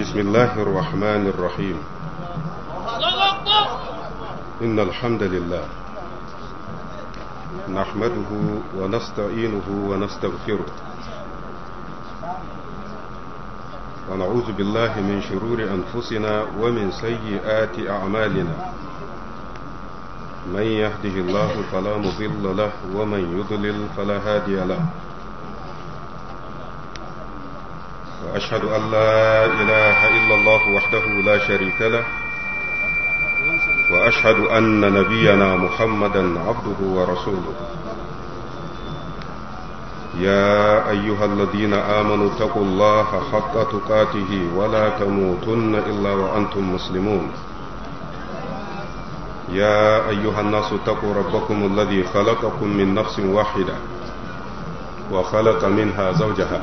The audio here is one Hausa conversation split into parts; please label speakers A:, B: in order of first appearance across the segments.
A: بسم الله الرحمن الرحيم إن الحمد لله نحمده ونستعينه ونستغفره ونعوذ بالله من شرور أنفسنا ومن سيئات أعمالنا من يهده الله فلا مضل له ومن يضلل فلا هادي له أشهد أن لا إله إلا الله وحده لا شريك له وأشهد أن نبينا محمدا عبده ورسوله يا أيها الذين آمنوا اتقوا الله حق تقاته ولا تموتن إلا وأنتم مسلمون يا أيها الناس اتقوا ربكم الذي خلقكم من نفس واحدة وخلق منها زوجها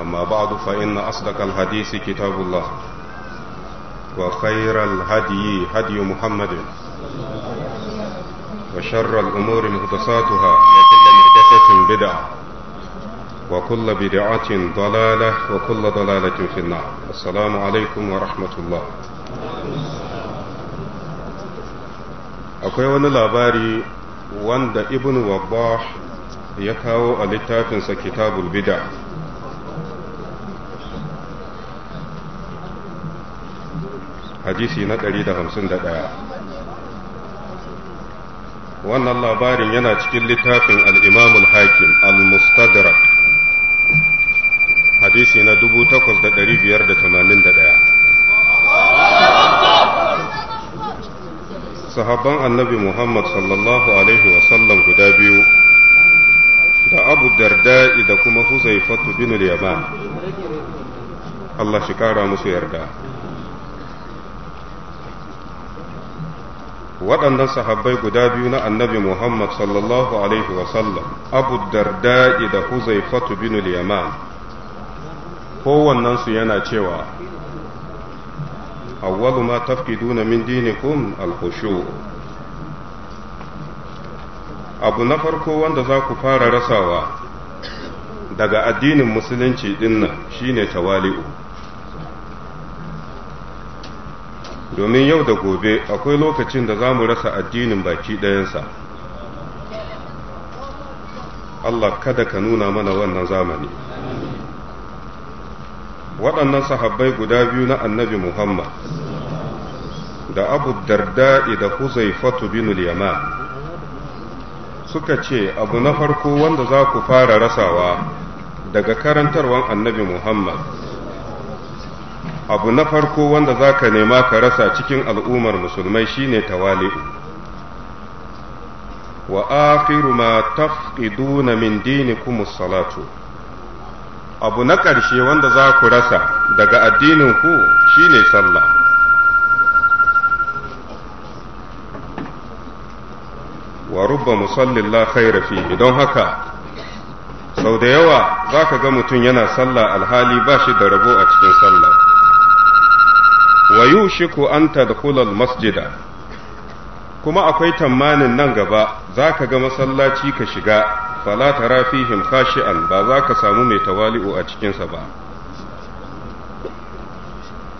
A: أما بعد فإن أصدق الحديث كتاب الله وخير الهدي هدي محمد وشر الأمور مهدساتها وكل مهدسة بدعة وكل بدعة ضلالة وكل ضلالة في النار السلام عليكم ورحمة الله akwai wani واند ابن وباح يكاو ya kawo البدع
B: حديثي نقري ده خمسين
A: وأن الله بارين يناج كل تافن الإمام الحاكم المستدرك حديثي ندبو تقص ده دري في أرد ثمانين صحابة النبي محمد صلى الله عليه وسلم كدابيو da abu dardai da kuma huzaifatu bin yaman
B: Allah shi kara musu
A: yarda waɗannan sahabbai guda biyu na annabi Muhammad sallallahu alaihi wasallam abu darda'i da huzaifatu bin yaman kowannensu yana cewa awwalu ma tafkiduna min dinikum al-khushu abu na farko wanda za ku fara rasawa daga addinin musulunci dinnan shine tawali'u domin yau da gobe akwai lokacin da za mu rasa addinin baki ɗayansa Allah kada ka nuna mana wannan zamani waɗannan sahabbai guda biyu na annabi Muhammad da abu darda'i da fatu binul yaman suka ce abu na farko wanda za ku fara rasawa daga karantarwan annabi Muhammad abu na farko wanda za ka nema ka rasa cikin al'ummar musulmai shine tawali'u wa akhiru ma tafqiduna min dinikum salatu abu na ƙarshe wanda za ku rasa daga addininku shine sallah wa rubba musallin la fihi don haka sau da yawa za ka ga mutum yana sallah alhali ba shi da rabo a cikin sallah wa yushiku an tadkhula masjida kuma akwai tamanin nan gaba za ka ga masallaci ka shiga fala tara fihim khashi'an ba za ka samu mai tawali'u a cikinsa ba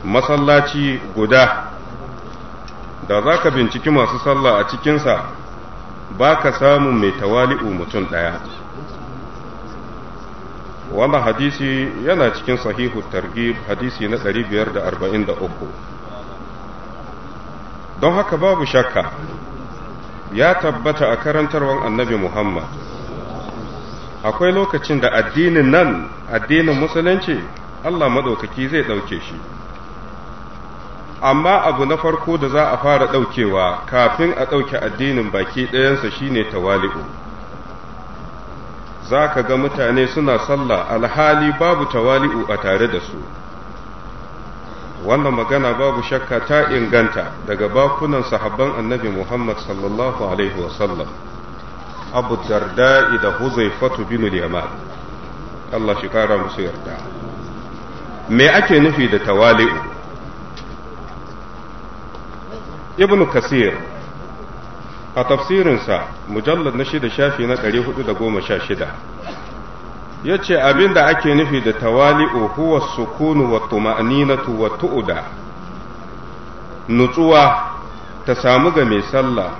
A: masallaci guda da za ka binciki masu sallah a cikinsa ba ka samun mai tawali'u mutum ɗaya wannan hadisi yana cikin sahihu targhib hadisi na 543 don haka babu shakka ya tabbata a karantarwar annabi Muhammad akwai lokacin da addinin nan addinin musulunci Allah maɗaukaki zai ɗauke shi amma abu na farko da za a fara ɗaukewa kafin a ɗauke addinin baki ɗayansa shine tawali'u za ka ga mutane suna sallah alhali babu tawali'u a tare da su wannan magana babu shakka ta inganta daga bakunan sahabban annabi muhammad sallallahu alaihi wasallam abu darda'i da huzaifatu bin yaman Allah shi kara musu yarda me ake nufi da tawali'u ibnu kasir a tafsirinsa mujallar na shida shafi na ɗari da goma sha shida ya ce abin da ake nufi da tawali'u huwa sukunu wa tuma'ninatu wa tu'uda nutsuwa ta samu ga mai sallah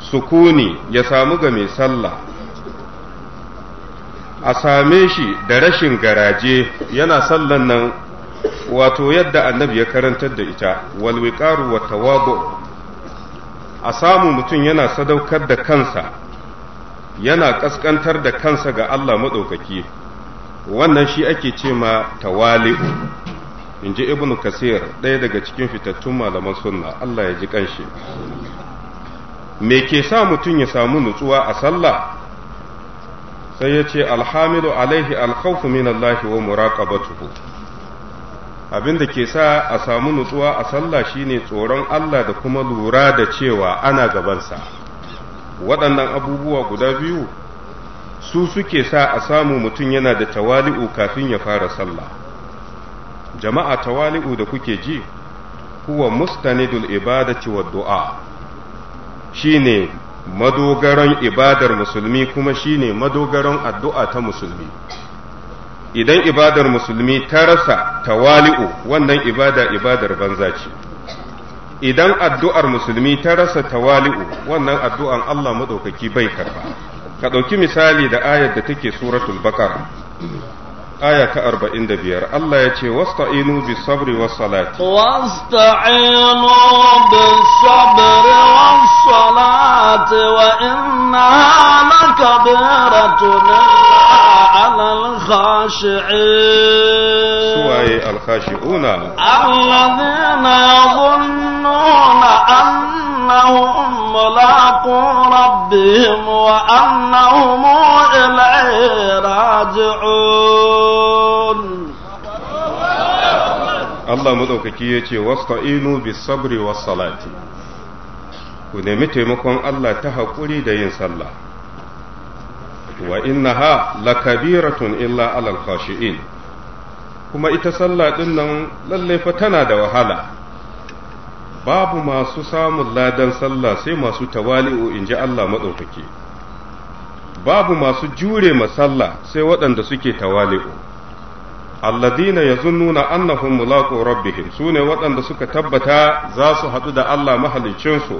A: sukuni ya samu ga mai sallah a same shi da rashin garaje yana sallan nan wato yadda annabi ya karantar da ita walwikaru wa tawabu a samu mutum yana sadaukar da kansa yana ƙasƙantar da kansa ga Allah maɗaukaki wannan shi ake ce ma tawali'u in ji ibnu kasir ɗaya daga cikin fitattun malaman sunna Allah ya ji ƙanshi me ke sa mutum ya samu nutsuwa a sallah sai ya ce alhamidu alaihi alkhawfu min Allah wa muraqabatuhu abin da ke sa a samu nutsuwa a sallah shine tsoron Allah da kuma lura da cewa ana gabansa waɗannan abubuwa guda biyu su suke sa a samu mutum yana da tawali'u kafin ya fara sallah jama'a tawali'u da kuke ji huwa mustanidul ibadati wa du'a shine madogaran ibadar musulmi kuma shine madogaran addu'a ta musulmi idan ibadar musulmi ta rasa tawali'u wannan ibada ibadar banza ce idan addu'ar musulmi ta rasa tawali'u wannan addu'an Allah maɗaukaki bai karba ka ɗauki misali da ayar da take suratul baqara aya ta arba'in da biyar Allah ya ce wasta'inu bi sabri wa salati
C: wasta'inu bi sabri wa salati wa inna lakabiratun ala al-khashi'in
A: suwaye al-khashi'una
C: alladhina yadhunnuna annahum mulaqu rabbihim wa annahum ilayhi raji'un
A: Allah madaukaki ya ce inu bi sabri was salati ku nemi taimakon Allah ta haƙuri da yin sallah wa innaha lakabiratun illa alal khashi'in kuma ita sallah din nan lalle fa tana da wahala babu masu samun ladan sallah sai masu tawali'u inji Allah madaukaki babu masu jure ma sallah sai waɗanda suke tawali'u alladina nuna annahum mulaqu rabbihim sune waɗanda suka tabbata za su haɗu da Allah mahaliccinsu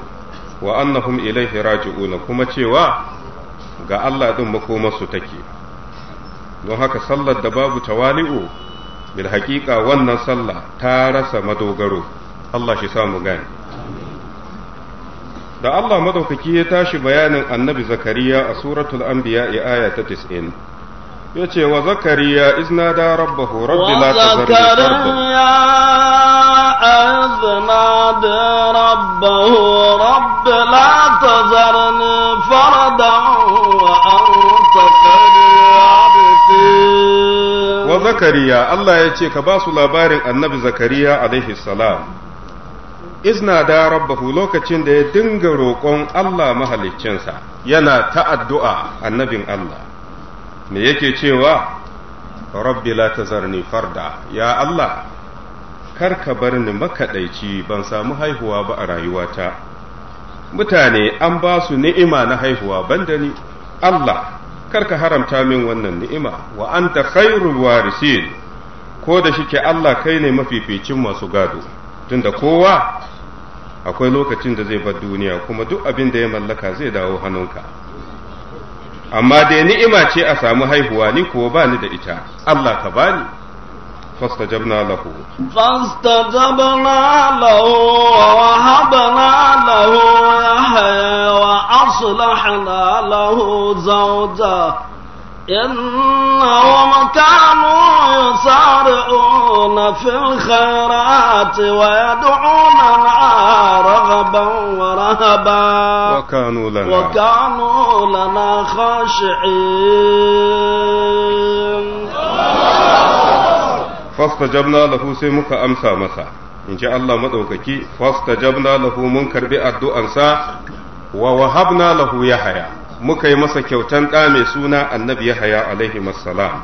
A: wa annahum ilaihi raji'una kuma cewa ga Allah ɗin makomarsu take don haka sallar da babu tawali'u bil haƙiƙa wannan sallah ta rasa madogaro Allah shi samu gani da Allah madaukaki ya tashi bayanin annabi zakariya a suratul anbiya aya ta 90 yace wa zakariya iznada rabbahu rabbi
C: la tazarni fardan wa anta
A: wa zakariya Allah ya ce ka ba su labarin annabi zakariya alaihi salam izina da rabbahu lokacin da ya dinga roƙon Allah mahaliccinsa yana ta addu'a annabin Allah me yake cewa rabbi la tazarni farda ya Allah kar ka bar ni makaɗaici ban samu haihuwa ba a rayuwata mutane an ba su ni'ima na haihuwa banda ni Allah kar ka haramta min wannan ni'ima wa anta khairul warisin ko da shike Allah kai ne mafificin masu gado tunda kowa akwai lokacin da zai bar duniya kuma duk abin da ya mallaka zai dawo hannunka amma dai ni'ima ce a samu haihuwa ni kuwa ba ni da ita Allah ka bani فاستجبنا له
C: فاستجبنا له ووهبنا له يحيى وأصلحنا له زوجه إنهم كانوا يسارعون في الخيرات ويدعوننا رغبا ورهبا
A: وكانوا لنا,
C: وكانوا لنا خاشعين
A: فاستجبنا له سيمك أمسى مسا إن شاء الله مدوكك فاستجبنا له منكر بأدو أنسى ووهبنا له يحيى muka yi masa kyautan ɗa mai suna annabi Yahaya alaihi salam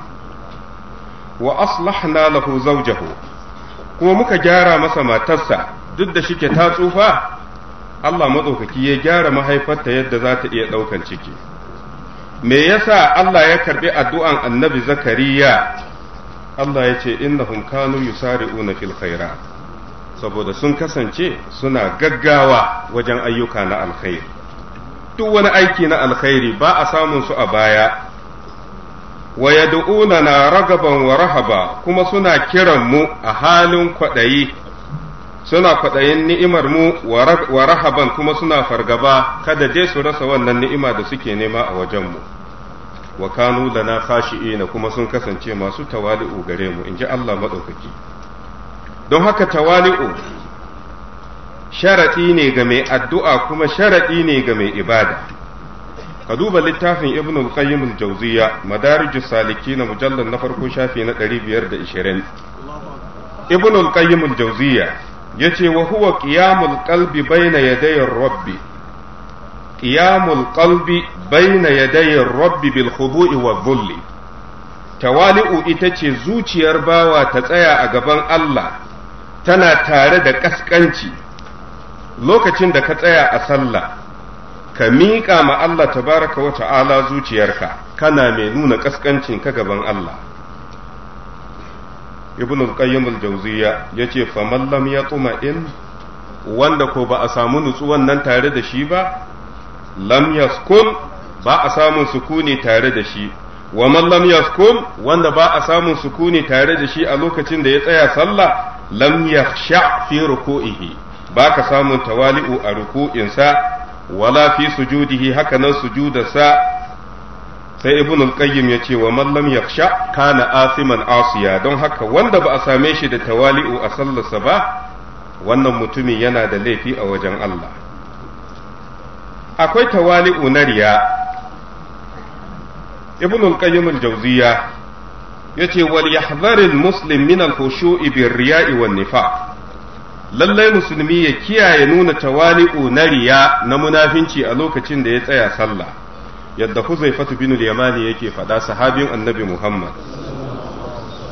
A: wa aslahna lahu zawjahu kuma muka gyara masa matarsa duk da shike ta tsufa Allah maɗaukaki ya gyara mahaifarta yadda za ta iya ɗaukan ciki me yasa Allah ya karɓi addu'an annabi Zakariya Allah ya ce innahum kanu yusari'una fil khairat saboda sun kasance suna gaggawa wajen ayyuka na alkhairi duk wani aiki na alkhairi ba a samun su a baya wa na ragaban wa rahaba kuma suna kiran mu a halin kwaɗayi suna kwaɗayin ni'imar mu wa rahaban kuma suna fargaba kada je su rasa wannan ni'ima da suke nema a wajen mu wa kanu lana khashi'ina kuma sun kasance masu tawali'u gare mu inji Allah madaukaki don haka tawali'u sharaɗi ne ga mai addu'a kuma sharaɗi ne ga mai ibada ka duba littafin ibn al-qayyim al saliki na mujallar na farko shafi na 520 ibn qayyim al-jawziya yace wa huwa qiyamul qalbi baina yaday rabbi qiyamul qalbi bayna yaday rabbi bil khudu'i wa dhulli tawali'u ita ce zuciyar bawa ta tsaya a gaban Allah tana tare da kaskanci lokacin da ka tsaya a sallah ka miƙa ma Allah tabaraka wa ta'ala zuciyarka kana mai nuna kaskancin ka gaban Allah ibn al-qayyim al-jawziyya yace man lam yatma wanda ko ba a samu nutsuwan nan tare da shi ba lam yaskun ba a samun sukuni tare da shi wa man lam yaskun wanda ba a samun sukuni tare da shi a lokacin da ya tsaya sallah lam yakhsha fi ruku'ihi baka samun tawali'u a ruku'insa wala fi sujudihi haka nan sujudarsa sai ibn al-qayyim ya ce wa man lam yakhsha kana asiman asiya don haka wanda ba a same shi da tawali'u a sallarsa ba wannan mutumin yana da laifi a wajen Allah akwai tawali'u na riya ibn al-qayyim al-jawziya yace wal yahdharil muslim min al-khushu'i bir-riya'i wan-nifaq lallai musulmi ya kiyaye nuna tawali'u na riya na munafinci a lokacin da ya tsaya sallah yadda huzaifatu bin yamani yake faɗa sahabin annabi muhammad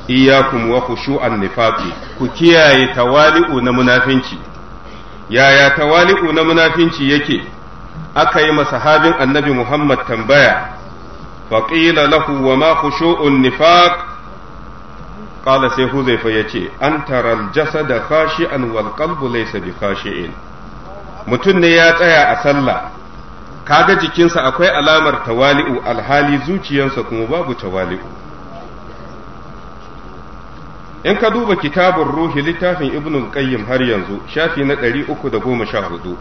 A: iyakum wa khushu'an nifaqi ku kiyaye tawali'u na munafinci yaya tawali'u na munafinci yake aka yi sahabin annabi muhammad tambaya faqila lahu wa ma khushu'un nifaq ƙala sai huzaifa yace an taral jasada khashi'an wal qalbu laysa bi mutum ne ya tsaya a sallah kaga jikinsa akwai alamar tawali'u alhali zuciyarsa kuma babu tawali'u in ka duba kitabun ruhi littafin ibn qayyim har yanzu shafi na 314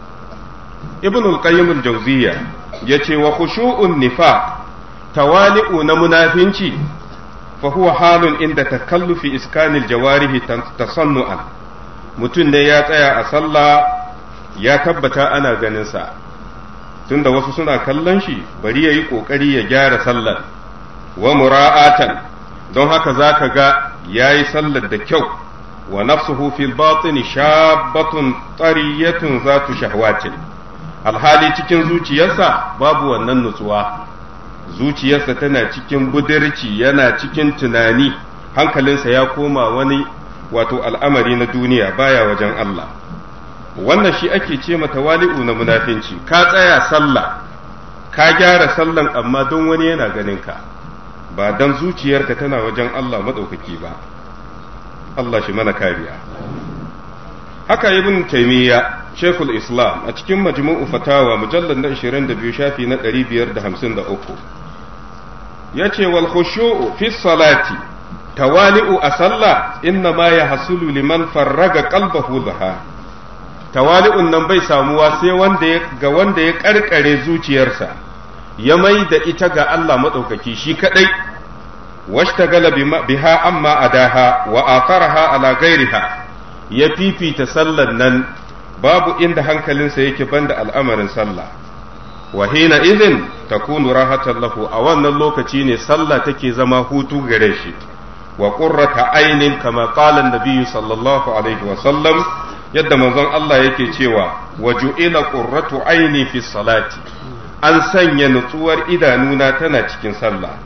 A: ibn qayyim al-jawziyya yace wa khushu'un nifa tawali'u na munafinci fa huwa halun inda takallufi iskanil jawarihi tasannu'an mutum ne ya tsaya a sallah ya tabbata ana ganinsa sa tunda wasu suna kallon shi bari yayi ƙoƙari ya gyara sallar wa mura'atan don haka za ka ga yayi sallar da kyau wa nafsuhu fil batin shabbatun tariyatun zatu shahwatin alhali cikin zuciyarsa babu wannan nutsuwa zuciyarsa tana cikin budurci yana cikin tunani hankalinsa ya koma wani wato al'amari na duniya baya wajen Allah wannan shi ake ce mata wali'u na munafinci ka tsaya sallah ka gyara sallan amma don wani yana ganin ka ba don zuciyarka tana wajen Allah maɗaukaki ba Allah shi mana kariya haka bin taimiyya shekul islam a cikin majmu'u fatawa mujallar na 22 shafi na 553 yace wal khushu fi salati tawali'u a sallah inna ma ya hasulu liman farraga qalbahu zaha tawali'un nan bai samuwa sai wanda ya ga wanda ya karkare zuciyarsa ya mai da ita ga Allah madaukaki shi kadai washtagala biha amma adaha wa atharaha ala ghairiha ya fifita sallan nan babu inda hankalinsa yake banda al'amarin sallah wa izin idin takunu rahatan lahu a wannan lokaci ne sallah take zama hutu ga shi wa qurrata ainin kama qala an sallallahu alaihi wa sallam yadda manzon Allah yake cewa wa ju'ila qurratu aini fi salati an sanya nutsuwar idanuna tana cikin sallah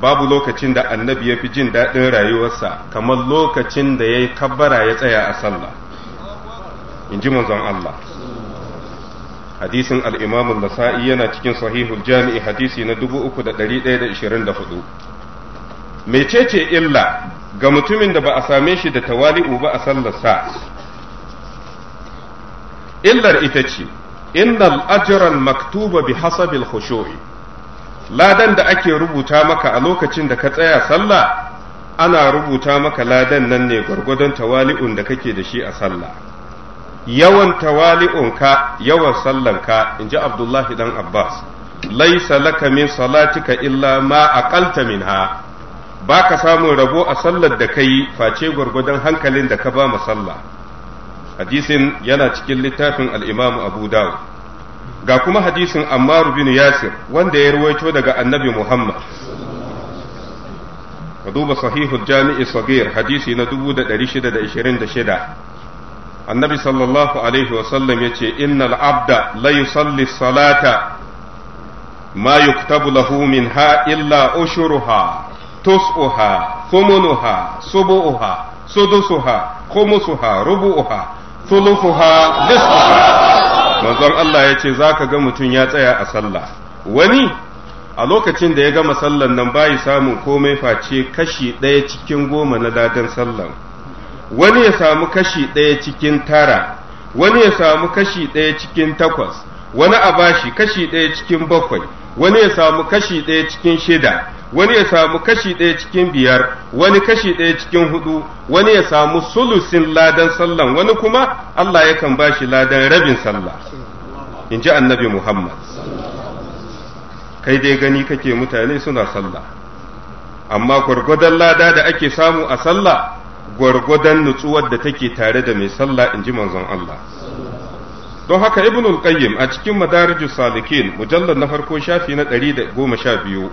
A: babu lokacin da annabi ya fi jin daɗin rayuwarsa kamar lokacin da ya yi kabbara ya tsaya a sallah in ji manzon Allah hadisin al-imam nasai yana cikin sahihul jami'i hadisi na dubu da da 3124 mecece illa ga mutumin da ba a same shi da tawali'u ba a sallar sallarsa illar ita ce illar ajral maktuba bi hasabil khushu'i ladan da ake rubuta maka a lokacin da ka tsaya sallah ana rubuta maka ladan nan ne gwargwadon tawali'un da kake da shi a sallah yawan tawali'unka yawan sallanka in ji abdullahi dan abbas laisa laka min salatika illa ma aqalta minha baka samun rabo a sallar da kai face gwargwadon hankalin da ka ba ma sallah hadisin yana cikin littafin al'imam imam abu dawo ga kuma hadisin Ammaru bin yasir wanda ya ruwaito daga annabi muhammad ka duba sahihul jami'i sagir hadisi na 1626 annabi sallallahu alaihi wasallam ya ce innal abda la yusalli salata ma yuktabu lahu minha illa ushuruha tus'uha thumunuha subuha sudusuha khumusuha rubuha thuluthuha nisfuha manzon Allah yace zaka ga mutum ya tsaya a sallah wani a lokacin da ya gama sallan nan bayi samun komai face kashi ɗaya cikin goma na dadan sallan wani ya samu kashi ɗaya cikin tara wani ya samu kashi ɗaya cikin takwas wani a bashi kashi ɗaya cikin bakwai wani ya samu kashi ɗaya cikin shida wani ya samu kashi ɗaya cikin biyar wani kashi ɗaya cikin hudu wani ya samu sulusin ladan sallan wani kuma Allah yakan bashi ladan rabin sallah in ji annabi Muhammad kai dai gani kake mutane suna sallah amma gwargwadon lada da ake samu a sallah gwargwadon nutsuwar da take tare da mai sallah in ji manzon Allah don haka Ibn qayyim a cikin madariju salikin mujallar na farko shafi na 112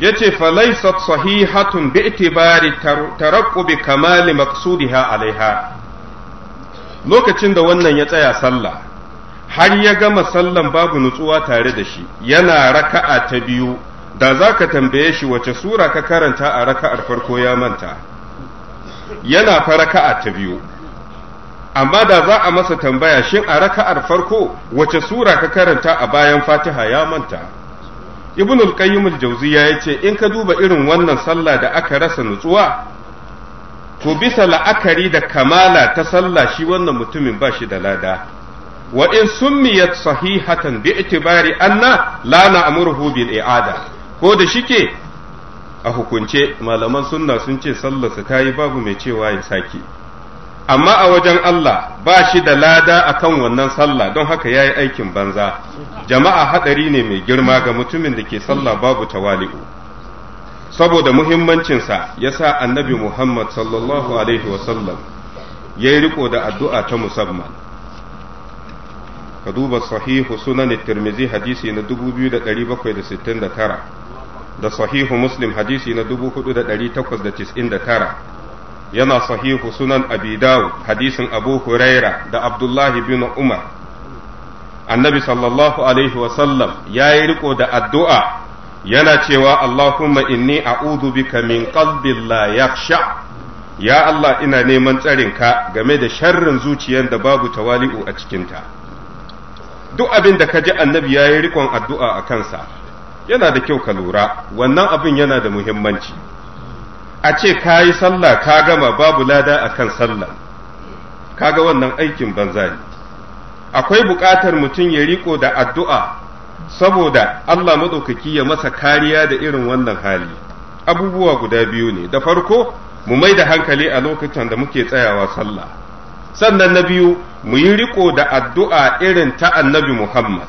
A: yace falaysat sahihatun bi itibari tarakkubi kamali maqsudiha alaiha lokacin da wannan ya tsaya sallah har ya gama sallan babu nutsuwa tare da shi yana raka'a ta biyu da zaka tambaye shi wace sura ka karanta a raka'ar farko ya manta yana fa raka'a ta biyu amma da za a masa tambaya shin a raka'ar farko wace sura ka karanta a bayan fatiha ya manta ibn al-qayyim al-jawziya yace in ka duba irin wannan sallah da aka rasa nutsuwa to bisa la'akari da kamala ta sallah shi wannan mutumin ba shi da lada wa in summiyat sahihatan bi itibari anna la na'muruhu bil i'ada ko da shike a hukunce malaman sunna sun ce sallarsa ta yi babu mai cewa ya sake amma a wajen Allah ba shi da lada a kan wannan sallah don haka ya yi aikin banza jama'a haɗari ne mai girma ga mutumin da ke sallah babu tawali'u saboda muhimmancinsa ya sa annabi muhammad sallallahu alaihi wasallam ya yi riko da addu'a ta musamman ka duba sahihu sunan tirmizi hadisi na 2769 da sahihu muslim hadisi na 4899 yana sahihu sunan abi hadisin abu huraira da abdullahi bin umar annabi sallallahu alaihi wasallam ya yi riko da addu'a yana cewa allahumma inni a'udhu bika min qalbin la yakhsha ya allah ina neman tsarinka game da sharrin zuciyar da babu tawali'u a cikinta duk abin da ka ji annabi ya yi rikon addu'a a kansa yana da kyau ka lura wannan abin yana da muhimmanci a ce ka yi sallah ka gama babu lada a kan sallah ka ga wannan aikin banza ne akwai buƙatar mutum ya riko da addu'a saboda Allah maɗaukaki ya masa kariya da irin wannan hali abubuwa guda biyu ne da farko mu mai da hankali a lokacin da muke tsayawa sallah sannan na biyu mu yi riko da addu'a irin ta annabi Muhammad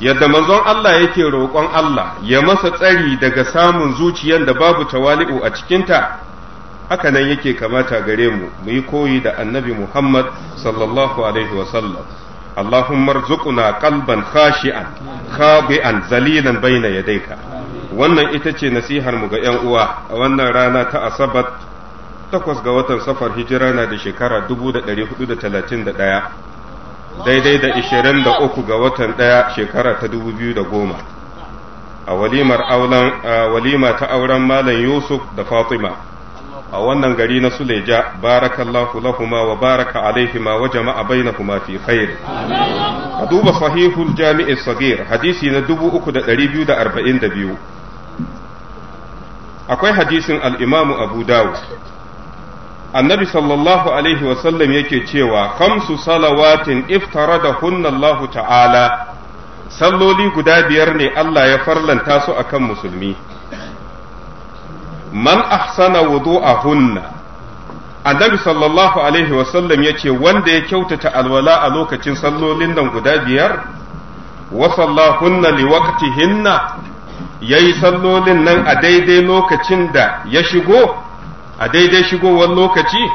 A: yadda manzon Allah yake roƙon Allah ya masa tsari daga samun zuciyar da babu tawali'u a cikinta haka nan yake kamata gare mu mu yi koyi da annabi Muhammad sallallahu alaihi wa sallam اللهم ارزقنا قلبا خاشعا خاضعا ذليلا بين يديك wannan ita ce nasihar mu ga 'yan uwa a wannan rana ta asabar takwas ga watan safar hijira na da shekara 1431 daidai da ishirin uku ga watan ɗaya shekara ta 2010 a walimar auren walima ta auren malam Yusuf da Fatima a wannan gari na Suleja barakallahu lahuma wa baraka alaihima wa jama'a bainahuma fi khair a duba sahihul jami'i sagir hadisi na da biyu. akwai hadisin al Abu Dawud annabi sallallahu alaihi wasallam yake cewa khamsu salawatin da Allah ta'ala salloli guda biyar ne Allah ya farlanta su akan musulmi man ahsana hunna annabi sallallahu alaihi wasallam yace wanda ya kyautata alwala a lokacin sallolin nan guda biyar wa sallahunna Ya yayi sallolin nan a daidai lokacin da ya shigo a daidai shigowar lokaci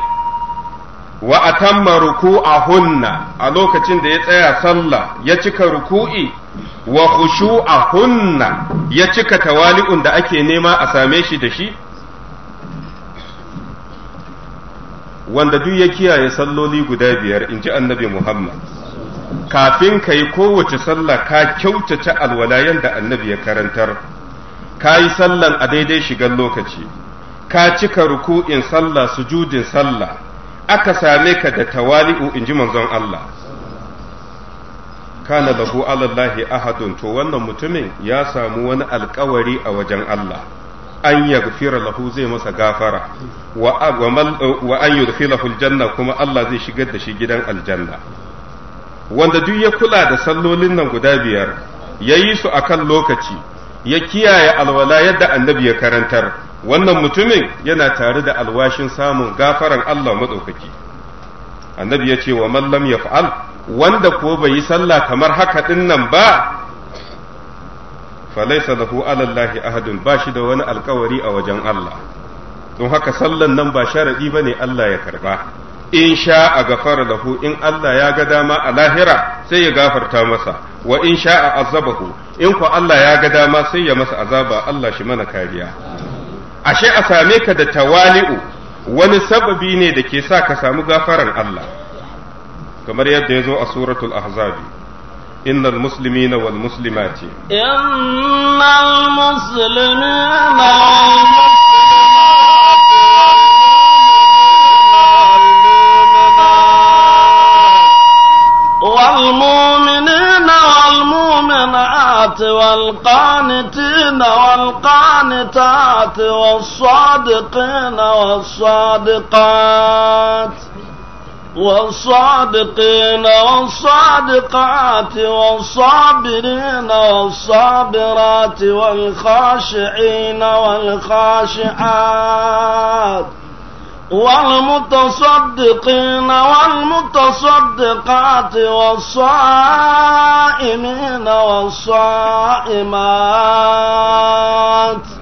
A: wa atamma ruku'ahunna a lokacin da ya tsaya sallah ya cika ruku'i wa hunna ya cika tawali'un da ake nema a same shi da shi wanda duk ya kiyaye salloli guda biyar in ji annabi Muhammad kafin ka yi kowace sallah ka kyautata alwalayen da annabi ya karantar ka yi sallan a daidai shigan lokaci ka cika ruku'in sallah sujudin sallah aka same ka da tawali'u in ji manzon Allah kana lahu alallahi ahadun to wannan mutumin ya samu wani alkawari a wajen Allah an yaghfira lahu zai masa gafara wa an yudkhilahu aljanna kuma Allah zai shigar da shi gidan aljanna wanda duk ya kula da sallolin nan guda biyar ya yi su akan lokaci ya kiyaye alwala yadda annabi ya karantar wannan mutumin yana tare da alwashin samun gafaran Allah maɗaukaki annabi ya ce wa mallam ya fa'al wanda ko bai yi sallah kamar haka ɗin nan ba falaisa lahu alallahi ahadun ba shi da wani alkawari a wajen Allah don haka sallan nan ba sharaɗi ba ne Allah ya karɓa in sha a gafara lahu in Allah ya ga dama a lahira sai ya gafarta masa wa in sha a azabahu in ko Allah ya ga dama sai ya masa azaba Allah shi mana kariya ashe a same ka da tawali'u wani sababi ne da ke sa ka samu gafarar Allah kamar yadda ya zo a suratul ahzabi إن المسلمين والمسلمات
B: إن
C: المسلمين والمسلمات والمؤمنين والمؤمنات والقانتين والقانتين والقانتات والصادقين والصادقات والصادقين والصادقات والصابرين والصابرات والخاشعين والخاشعات والمتصدقين والمتصدقات والصائمين والصائمات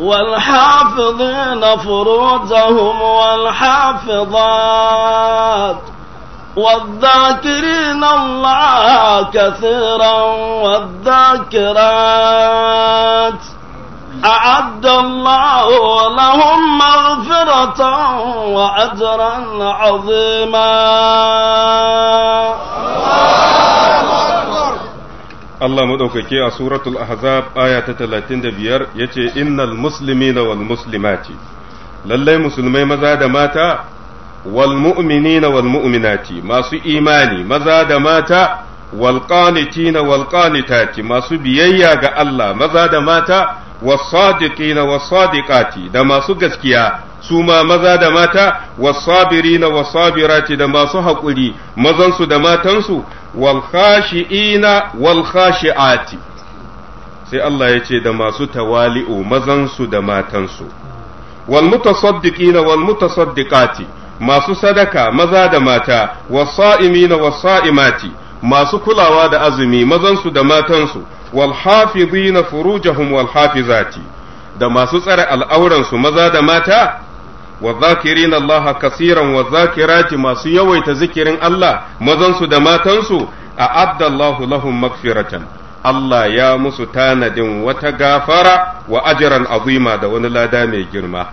C: والحافظين فروجهم والحافظات والذاكرين الله كثيرا والذاكرات أعد الله لهم مغفرة وأجرا عظيما
A: Allah madaukake a suratul ahzab aya ta 35 yace innal muslimina wal muslimati lallai musulmai maza da mata wal mu'minina wal mu'minati masu imani maza da mata wal qanitina wal qanitati masu biyayya ga Allah maza da mata was sadiqina was sadiqati da masu gaskiya su ma maza da mata wasabirina wasabirati da masu haƙuri mazansu da matansu wal khashi'ina wal khashi'ati sai Allah ya ce da masu tawali'u mazansu da matansu wal mutasaddiqina wal masu sadaka maza da mata wasa'imina wasa'imati masu kulawa da azumi mazansu da matansu wal hafizina furujahum wal hafizati da masu tsare al'auransu maza da mata wa zakirin Allah kasiran wa masu yawaita zikirin Allah mazansu da matansu a abdallahu lahum magfiratan Allah ya musu tanadin wata gafara wa ajiran da wani lada mai girma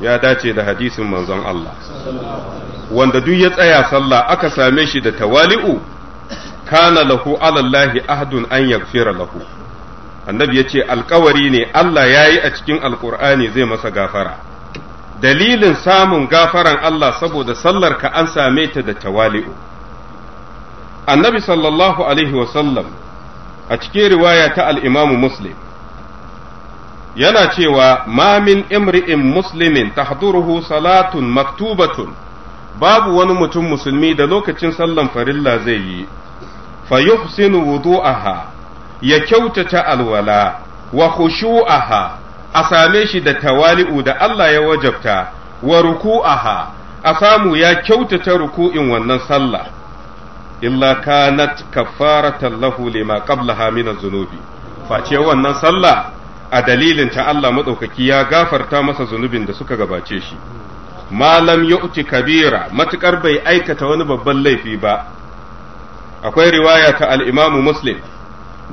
A: ya dace da hadisin manzon Allah wanda duk ya tsaya sallah aka same shi da tawali'u kana lahu alallahi ahdun an yaghfira lahu annabi ya ce alkawari ne Allah ya yi a cikin alkur'ani zai masa gafara dalilin samun gafaran Allah saboda sallarka an same ta da tawali'u annabi sallallahu alaihi wasallam a cikin riwaya ta al'imamu muslim yana cewa ma min imri'in muslimin tahduruhu salatun maktubatun babu wani mutum musulmi da lokacin sallan farilla zai yi fa yuhsinu wudu'aha ya kyautata alwala wa khushu'aha a same shi da tawali'u da Allah ya wajabta wa ruku'aha a samu ya kyautata ruku'in wannan sallah illa kanat kafaratan lahu lima qablaha min az-zunubi face wannan sallah a dalilin ta Allah madaukaki ya gafarta masa zunubin da suka gabace shi malam yu'ti kabira matukar bai aikata wani babban laifi ba akwai riwaya ta al-imamu muslim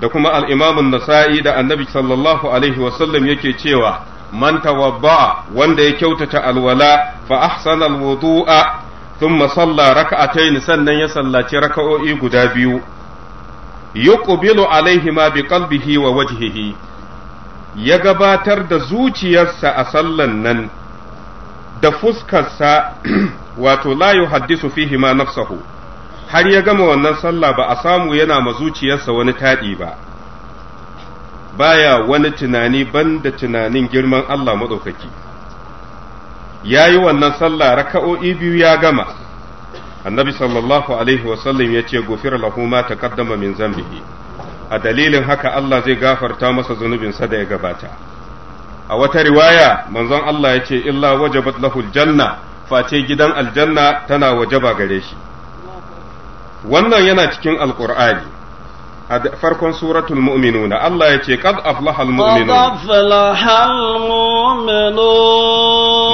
A: da kuma al'imamun nasa'i da annabi sallallahu alaihi wasallam yake cewa man tawabba'a wanda ya kyautata alwala fa ahsana alwudu'a thumma salla raka'atayn sannan ya sallaci raka'o'i guda biyu yuqbilu alaihima bi qalbihi wa wajhihi ya gabatar da zuciyarsa a sallan nan da fuskarsa wato la yuhaddisu fihi ma nafsahu har ya gama wannan sallah ba a samu yana ma zuciyarsa wani taɗi ba baya wani tunani banda tunanin girman Allah maɗaukaki ya yi wannan sallah raka'o'i biyu ya gama annabi sallallahu alaihi wasallam ya ce gofir lahu ma taqaddama min zambihi a dalilin haka Allah zai gafarta masa zunubinsa da ya gabata a wata riwaya manzon Allah ya ce illa wajabat lahul janna face gidan aljanna tana wajaba gare shi wannan yana cikin alkur'ani a farkon suratul mu'minuna Allah ya ce qad aflahal mu'minun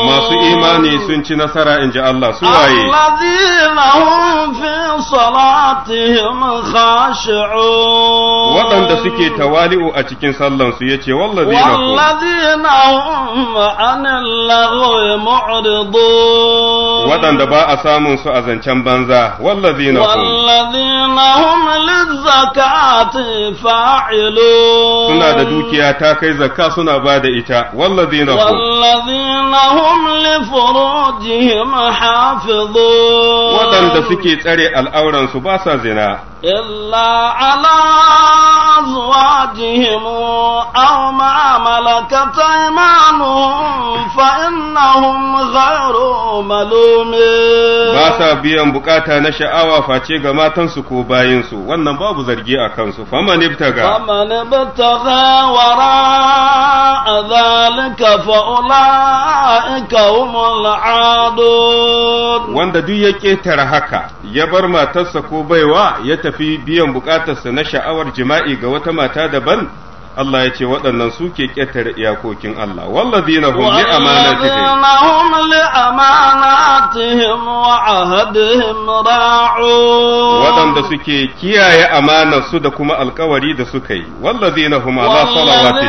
C: masu imani
A: sun ci nasara inji Allah su waye
C: allazina hum fi salatihim khashi'un waɗanda suke
A: tawali'u a cikin sallan su yace wallazina
C: wallazina hum anil lagwi mu'ridun waɗanda
A: ba a samun su a zancen banza wallazina hum
C: wallazina hum lizzaka zakati fa'ilu suna da dukiya
A: ta kai zakka suna ba da ita wallazina
C: wallazina hum
A: suke tsare al'auran su ba sa zina
C: illa ala azwajihim aw ma ba
A: sa biyan buƙata na sha'awa face ga matansu ko bayinsu wannan babu zargi a kansu faman ibtaga
C: faman ibtaga wara zalika fa ulaika humul adud wanda
A: duk ya ketara haka ya bar matarsa ko baiwa ya tafi biyan bukatarsa na sha'awar jima'i ga wata mata daban Allah ya ce waɗannan su ke ƙetare iyakokin Allah zina wallazina hum
C: li amanatihim wa ahadihim ra'un waɗanda
A: suke kiyaye amanar su da kuma alkawari da suka yi zina hum ala zina hum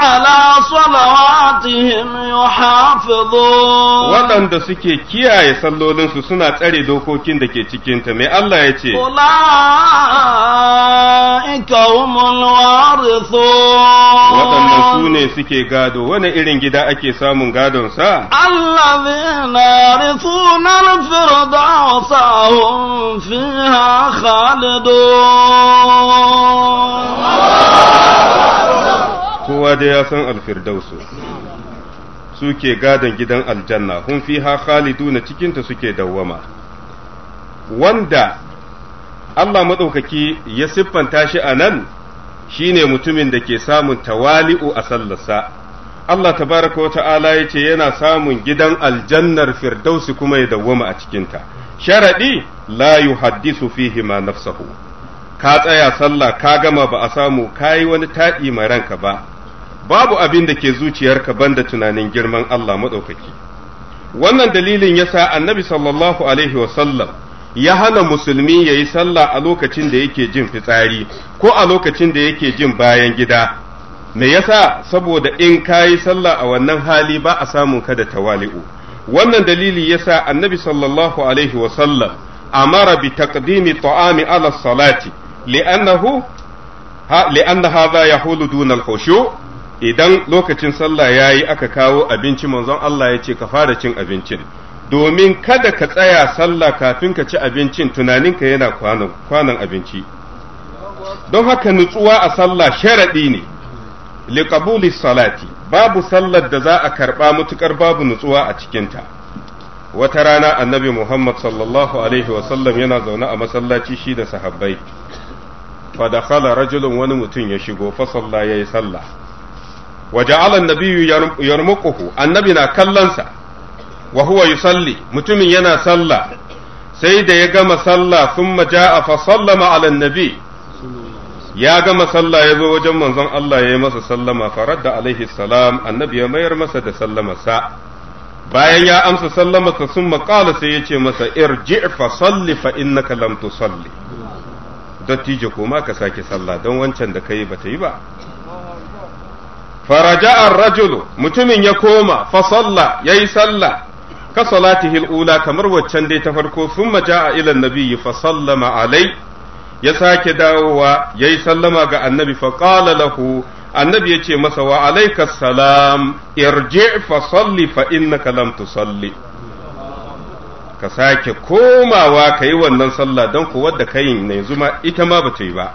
C: ala salawatihim yuhafizun
A: waɗanda suke kiyaye sallolin su suna tsare dokokin da ke cikinta. ta me Allah ya ce
C: ulaika humul warid يرثون waɗannan su ne
A: suke gado wani irin gida ake samun gadon sa
C: allazina
A: kowa da ya san alfirdausu suke gadon gidan aljanna hum fiha cikinta suke dawwama wanda Allah maɗaukaki ya siffanta shi a nan Shi ne mutumin da ke samun tawali'u a sallarsa Allah Ta tabaraka wata'ala ya ce yana samun gidan aljannar firdausi kuma ya dawwama a cikinta sharaɗi la haddisu fihi ma nafsahu ka tsaya sallah ka gama ba a samu kayi wani taɗi mai ranka ba babu abin da ke zuciyarka banda tunanin girman Allah maɗaukaki wannan dalilin yasa annabi sallallahu alaihi wasallam ya hana musulmi ya yi sallah a lokacin da yake jin fitsari ko a lokacin da yake jin bayan gida me yasa saboda in ka yi sallah a wannan hali ba a samun ka da tawali'u wannan dalili yasa annabi sallallahu alaihi wa sallam amara bi taqdimi ta'ami ala salati li'annahu li'anna hadha yahulu duna al-khushu' idan lokacin sallah yayi aka kawo abinci manzon Allah ya ce ka fara cin abincin domin kada ka tsaya sallah kafin ka ci abincin tunaninka yana kwanan abinci don haka nutsuwa a sallah sharaɗi ne liqabuli salati babu sallar da za a karɓa mutuƙar babu nutsuwa a cikinta wata rana annabi muhammad sallallahu alaihi wasallam yana zaune a masallaci shi da sahabbai fadakhala rajulun wani mutum ya shigo fasalla ya yi sallah waje alan nabiyu yarmuquhu annabi na kallonsa wa huwa yusalli mutumin yana sallah sai da ya gama sallah thumma ja'a fa sallama ala nabi ya gama sallah ya zo wajen manzon Allah ya yi masa sallama faradda alaihi salam annabi ya mayar masa da sa bayan ya amsa sallamarsa sun maƙala sai ya ce masa irji fa salli fa innaka lam tusalli dattijo ko ma ka sake sallah don wancan da kai bata yi ba faraja ar-rajulu mutumin ya koma fa yayi sallah ka salatihi al'ula kamar waccan dai ta farko sun maja a ilan nabiyyi fa sallama alai ya sake dawowa ya yi sallama ga annabi fa qala lahu annabi ya ce masa wa alaika salam irji fa salli fa innaka lam tusalli ka sake komawa ka yi wannan sallah don kuwa da kayin na yanzu ita ma ba ta yi ba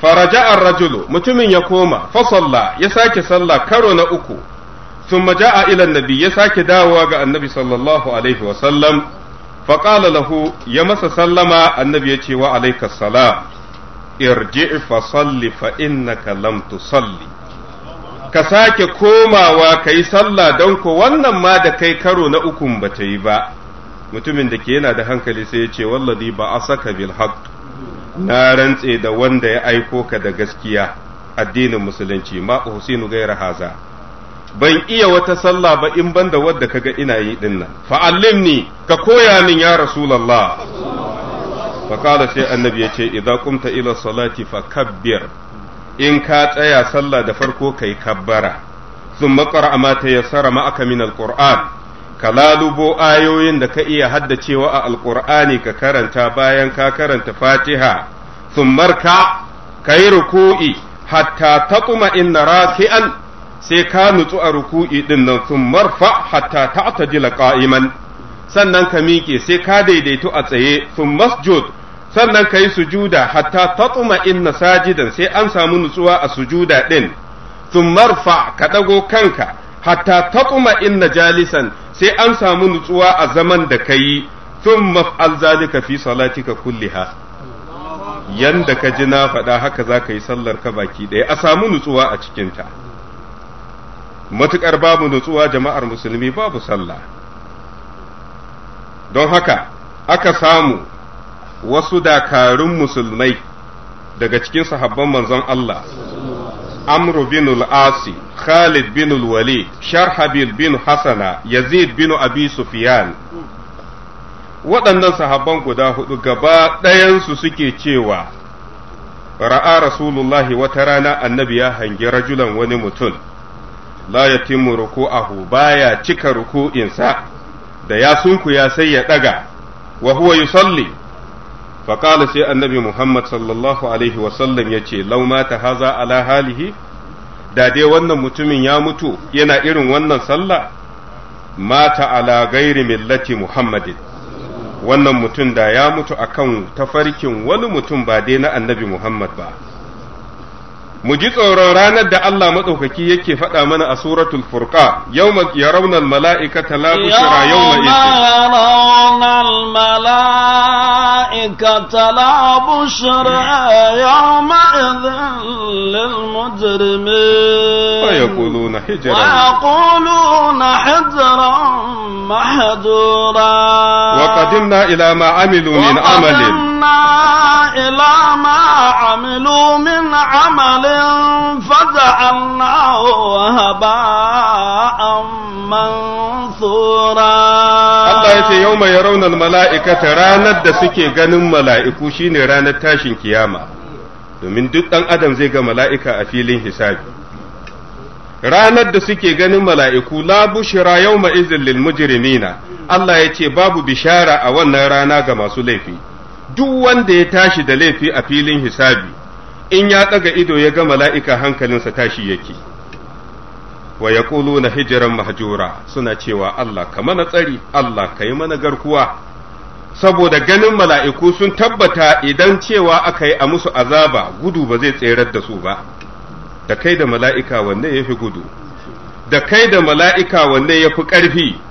A: faraja ar rajulu mutumin ya koma fa salla ya sake sallah karo na uku ثم جاء إلى النبي يساك داوى النبي صلى الله عليه وسلم فقال له يمس سلم النبي يتي وعليك الصلاة ارجع فصل فإنك لم تصلي ka sake komawa ka yi sallah don ko wannan ma da kai karo na ukun ba ta yi ba mutumin da ke yana da hankali sai ya ce ba a saka bil na rantse da wanda ya aiko ka da gaskiya addinin musulunci ma uhsinu gaira haza ban iya wata sallah ba in banda wadda kaga ina yi din nan fa'allimni ka koya min ya rasulullah fa qala sai annabi yace idza qumta ila salati fakabbir in ka tsaya sallah da farko kai kabbara thumma qara ma tayassara ma'aka min alquran ka lalubo ayoyin da ka iya haddacewa a alkur'ani ka karanta bayan ka karanta fatiha sun marka ka yi ruku'i hatta taquma inna raki'an sai ka nutsu a ruku'i din nan sun marfa hatta ta'tadila qa'iman sannan ka miƙe sai ka daidaito a tsaye sun masjud sannan ka yi sujuda hatta tatsuma inna sajidan sai an samu nutsuwa a sujuda din sun marfa ka ɗago kanka hatta tatsuma inna jalisan sai an samu nutsuwa a zaman da ka yi sun maf'al zalika fi salatika kulliha yanda ka ji na faɗa haka za ka yi sallar ka baki ɗaya a samu nutsuwa a cikinta. ta matuƙar babu nutsuwa jama'ar musulmi babu sallah don haka aka samu wasu dakarun musulmai daga cikin sahabban manzon Allah amru bin al-asi khalid bin al-walid sharhabil bin hasana yazid bin abi Sufiyan waɗannan sahabban guda hudu gaba ɗayansu suke cewa ra'a rasulullahi wata rana annabi ya hangi rajulan wani mutum la yatimmu ruku'ahu baya cika ruku'insa da ya sunkuya sai ya daga wa huwa yusalli fa qala sai annabi Muhammad sallallahu alaihi wa sallam yace law mata haza ala halihi da dai wannan mutumin ya mutu yana irin wannan sallah mata ala gairi millati Muhammadin wannan mutum da ya mutu akan tafarkin wani mutum ba dai na annabi Muhammad ba mu ji tsoron ranar da Allah maɗaukaki yake faɗa mana a suratul furqa yawma yarawna al mala'ikata la bushra yawma yarawna
C: al mala'ikata la bushra yawma lil mujrimin wa
A: yaquluna hijran wa
C: yaquluna hijran mahdura
A: wa qadimna ila ma amilu min amalin
C: إلى ما عملوا من عمل فجعلناه هباء منثورا
A: Allah ya ce yau الملائكة raunar mala'ikata ranar da suke ganin mala'iku shine ranar tashin kiyama, domin duk ɗan adam zai ga mala'ika a filin hisabi. Ranar da suke ganin mala'iku labu shira yau ma'izin lil Allah ya ce babu bishara a wannan rana ga masu laifi. duk wanda ya tashi da laifi a filin hisabi in ya ɗaga ido ya ga mala'ika hankalinsa tashi yake wa ya na hijiran mahjura suna cewa Allah ka mana tsari Allah ka yi mana garkuwa saboda ganin mala'iku sun tabbata idan cewa aka yi a musu azaba gudu ba zai tserar da su ba da kai da mala'ika wanne ya fi gudu da kai da mala'ika wanne ya fi ƙarfi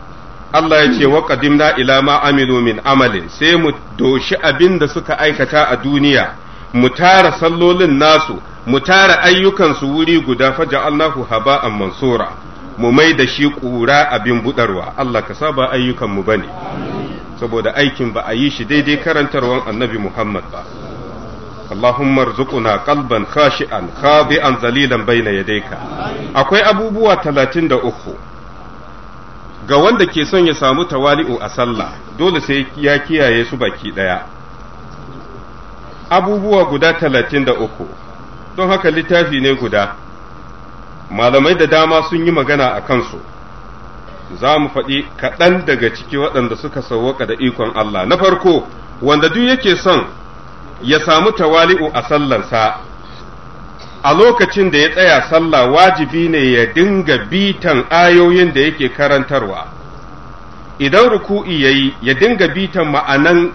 A: Allah ya ce wa qadimna ila ma amilu min amalin sai mu doshi abin da suka aikata a duniya mu tara sallolin nasu mu tara ayyukansu wuri guda Haba haba'an mansura mu mai da shi ƙura abin budarwa Allah ka saba ayyukan mu bane saboda aikin ba a yi shi daidai karantarwan annabi Muhammad ba اللهم ارزقنا قلبا خاشعا خاضعا ذليلا بين يديك akwai abubuwa talatin da uku ga wanda ke son ya samu tawali'u a sallah dole sai ya kiyaye su baki ɗaya abubuwa guda talatin da uku don haka littafi ne guda malamai da dama sun yi magana a kansu za mu faɗi kaɗan daga ciki waɗanda suka sauwaka da ikon Allah na farko wanda duk yake son ya samu tawali'u a sallansa a lokacin da ya tsaya sallah wajibi ne ya dinga bitan ayoyin da yake karantarwa idan ruku'i yayi ya dinga bitan ma'anan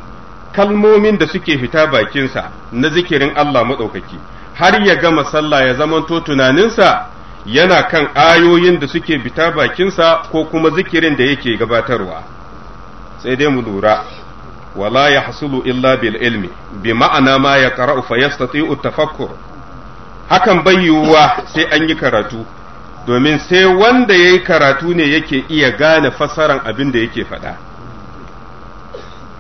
A: kalmomin da suke fita bakinsa na zikirin Allah maɗaukaki har ya gama sallah ya zamanto tunaninsa yana kan ayoyin da suke fita bakinsa ko kuma zikirin da yake gabatarwa sai dai mu lura wala ya hasulu illa bil ilmi bi ma'ana ma ya qara'u fa yastati'u tafakkur hakan bai yiwuwa sai an yi karatu domin sai wanda ya yi karatu ne yake iya gane fassaran abin da yake faɗa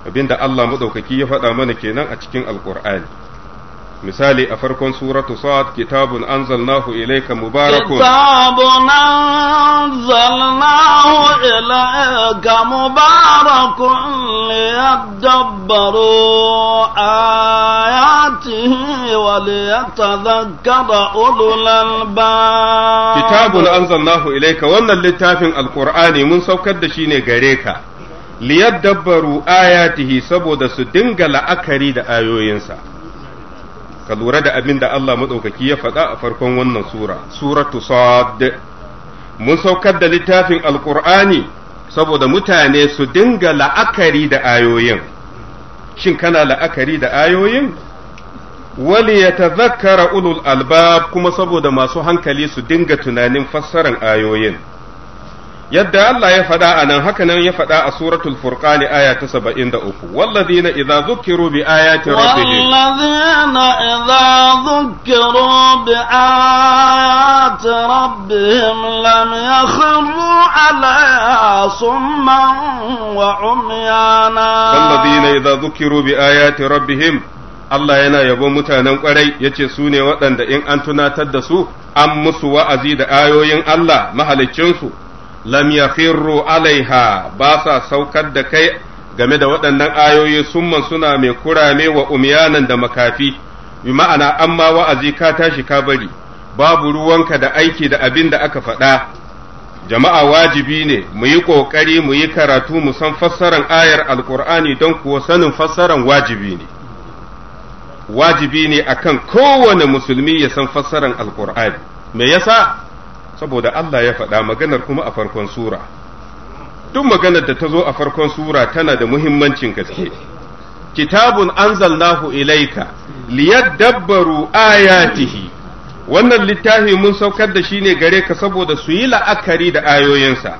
A: abin da Allah maɗaukaki ya faɗa mana kenan a cikin alƙur'ani misali a farkon suratu sa'ad kitabun anzalnahu ilaika, mubarakun
C: kitabun anzalnahu ilaika, mubarakun liyadabbaru ayatihi wa liyatadhakkara ulul albab kitabun
A: anzalnahu ilaika wannan littafin alqur'ani mun saukar da shi ne gare ka liyadabbaru ayatihi saboda su dinga la'akari da ayoyinsa ka lura da abin da Allah maɗaukaki ya faɗa a farkon wannan sura suratu sad mun saukar da littafin alkur'ani saboda mutane su dinga la'akari da ayoyin shin kana la'akari da ayoyin wali ya zakara ulul albab kuma saboda masu hankali su dinga tunanin fassaran ayoyin yadda Allah ya faɗa a nan haka nan ya faɗa a suratul furqani aya ta saba'in da uku wallazina idza zukkiru bi ayati rabbihim
C: wallazina idza zukkiru bi ayati rabbihim lam yakhru alaiha summan wa umyana wallazina
A: idza zukkiru bi ayati rabbihim Allah yana yabon mutanen kwarai yace su ne waɗanda in an tunatar da su an musu wa'azi da ayoyin Allah mahaliccinsu lam yakhirru alaiha ba sa saukar da kai game da waɗannan ayoyi summan suna mai kurame wa umyanan da makafi bi ma'ana amma wa'azi ka tashi ka bari babu ruwanka da aiki da abin da aka faɗa jama'a wajibi ne mu yi ƙoƙari mu yi karatu mu san fassaran ayar alkur'ani don kuwa sanin fassaran wajibi ne wajibi ne akan kowane musulmi ya san fassaran alkur'ani me yasa saboda Allah ya faɗa maganar kuma a farkon sura duk maganar da ta zo a farkon sura tana da muhimmancin gaske kitabun anzalnahu ilaika liyadabbaru ayatihi wannan littafi mun saukar da shi ne gare ka saboda su yi la'akari da ayoyinsa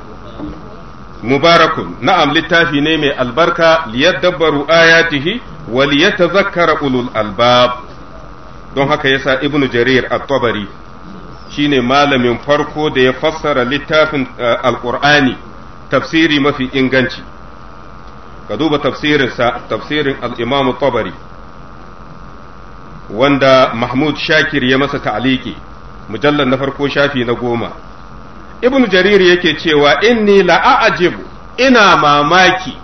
A: mubarakun na'am littafi ne mai albarka liyadabbaru ayatihi wa liyatazakkara ulul albab don haka yasa ibnu jarir at-tabari shine malamin farko da ya fassara littafin eh, alƙur'ani tafsiri mafi inganci ka duba tafsirinsa tafsirin al-imam tabari wanda mahmud shakir ya masa ta'aliki mujallar na farko shafi na goma ibnu jarir yake cewa inni la'ajibu ina mamaki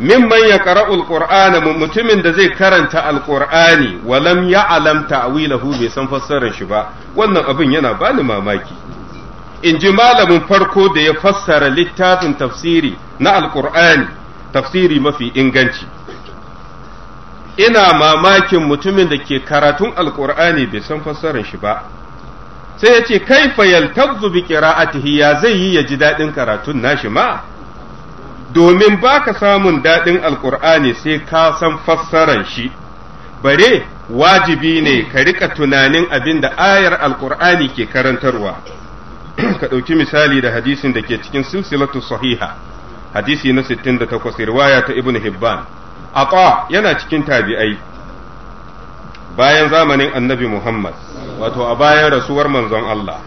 A: mimman ya qara'ul qur'ana mutumin da zai karanta walam wa lam ya'lam ta'wilahu bai san fassarar shi ba wannan abin yana bani mamaki in ji malamin farko da ya fassara littafin tafsiri na Alƙur'ani, tafsiri mafi inganci ina mamakin mutumin da ke karatun Alƙur'ani bai san fassarar shi ba sai ya ce kaifa yaltabzu bi qira'atihi ya zai yi ya ji dadin karatun nashi ma domin ba ka samun daɗin Alƙur'ani sai ka san fassaran shi bare wajibi ne ka rika tunanin abin da ayar Alƙur'ani ke karantarwa ka ɗauki misali da hadisin da ke cikin silsilatu sahiha hadisi na 68 riwaya ta ibn hibban aqa yana cikin tabi'ai bayan zamanin annabi muhammad wato a bayan rasuwar manzon allah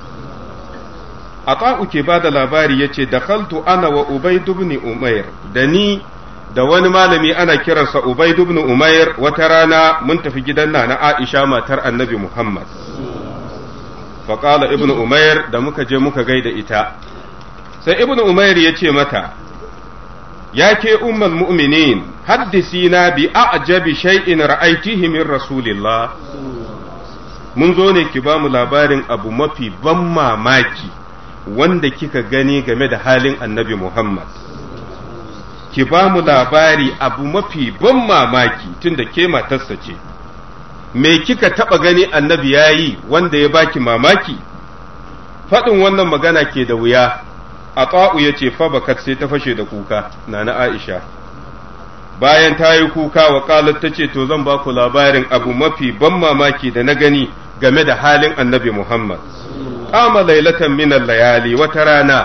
A: A ke bada labari yace dakhaltu ana wa ubaid ibn umair da ni da wani malami ana kiransa ubaid ibn umair wata rana mun tafi gidan na aisha matar annabi muhammad Baƙala ibn umair da muka je muka gaida ita sai ibn umair ya ce mata ya ke ummal mu'minin haddisina bi a'jabi shay'in ra'aytihi min rasulillah mun zo ne ki ba mu labarin abu mafi ban mamaki wanda kika gani game da halin annabi Muhammad ki ba mu labari abu mafi ban mamaki tunda ke matarsa ce me kika taba gani annabi ya yi wanda ya baki mamaki faɗin wannan magana ke da wuya a ƙa'u ya ce fa bakat sai ta fashe da kuka na na Aisha bayan ta yi kuka wa ƙalar ta ce to zan ba ku labarin abu mafi ban mamaki da na gani game da halin annabi Muhammad. Kama lailatan minan layali wata rana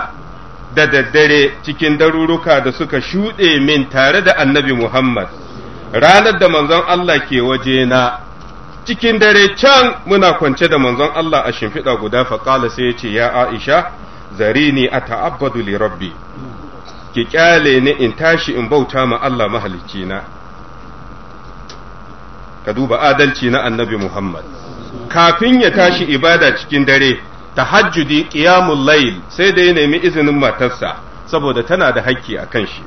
A: da daddare cikin daruruka da suka shuɗe min tare da annabi Muhammad, ranar da manzon Allah ke waje na cikin dare can muna kwance da manzon Allah a shimfiɗa guda faƙala sai ya ce ya Aisha, ni a ta'abbadu li rabbi, ki ƙyale ni in tashi in bauta ma Allah mahalicina. Ka duba adalci na annabi Muhammad. kafin ya tashi ibada cikin dare tahajjudi qiyamul layl sai da ya nemi izinin matarsa saboda tana da hakki a kan shi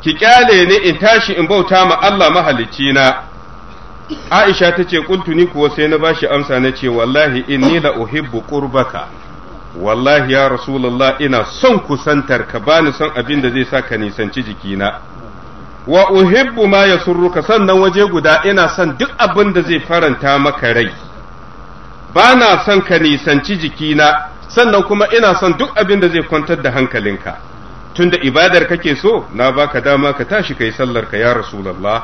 A: ki kyale ne in tashi in bauta ma Allah mahalicci na Aisha ta ce ni kuwa sai na bashi amsa na ce wallahi inni la uhibbu qurbaka wallahi ya rasulullah ina son kusantar ka bani son abin da zai sa ka nisanci jikina wa uhibbu ma yasurruka sannan waje guda ina son duk abin da zai faranta maka rai ba na son ka nisanci jikina sannan kuma ina son duk abin da zai kwantar da hankalinka tunda ibadar kake so na baka dama ka tashi kai sallar ka ya rasulullah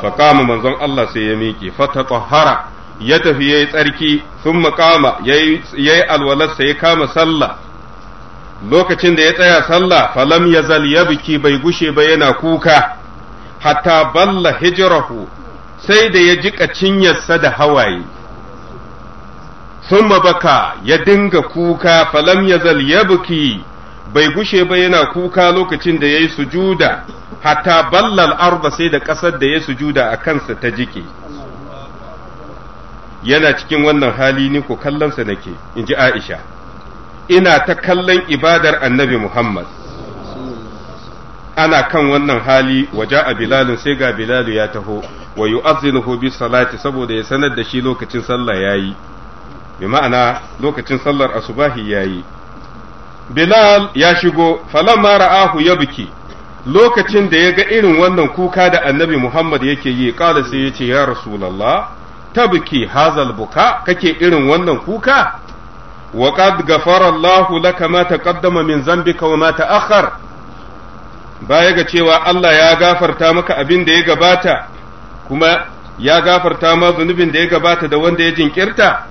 A: fa kama manzon Allah sai ya miƙe fatatahhara ya tafi yayi tsarki sun kama yayi alwalar alwalarsa ya kama sallah lokacin da ya tsaya sallah falam yazal yabki bai gushe ba yana kuka hatta balla hijrahu sai da ya jika cinyarsa da hawaye summa baka ya dinga kuka falam yazal yabki bai gushe ba yana kuka lokacin da ya yi sujuda hatta ballal arda sai da ƙasar da ya sujuda a kansa ta jike yana cikin wannan hali ni ko kallonsa nake in ji aisha ina ta kallon ibadar annabi Muhammad. Ana kan wannan hali waje a Bilalun sai ga Bilalu ya taho, wa yu'azzinuhu bi salati saboda ya sanar da shi lokacin sallah ya yi. Bi ma'ana lokacin sallar asubahi yi. Bilal ya shigo, mara ahu ya biki, lokacin da ya ga irin wannan kuka da annabi Muhammad yake yi, ƙara sai ya ce, Ya Rasulallah, ta biki hazal buka, kake irin wannan kuka? wa qad ghafara Allahu laka ma min zambika wa ma ta'akhkhar baya ga cewa Allah ya gafarta maka abin da ya gabata kuma ya gafarta ma zunubin da ya gabata da wanda ya jinkirta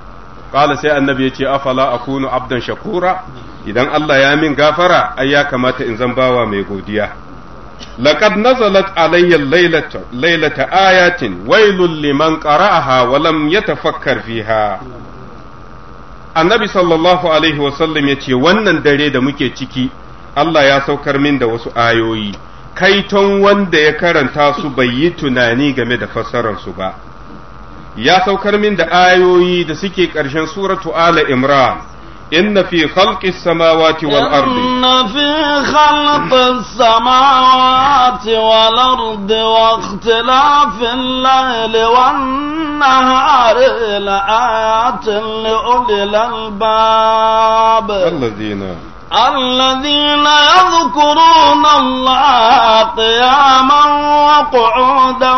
A: Kala sai annabi ya ce afala akunu abdan shakura idan Allah ya min gafara ai ya kamata in zan bawa mai godiya laqad nazalat alayya laylata laylata ayatin wailul liman qara'aha wa lam yatafakkar fiha annabi sallallahu alaihi wasallam ya ce wannan dare da muke ciki Allah ya saukar min da wasu ayoyi kai kaiton wanda ya karanta su bai yi tunani game da fassararsu ba ya saukar min da ayoyi da suke ƙarshen suratu ala imran إن في خلق السماوات والأرض
C: إن في خلق السماوات والأرض واختلاف الليل والنهار لآيات لأولي الألباب
A: الذين
C: الذين يذكرون الله قياما وقعودا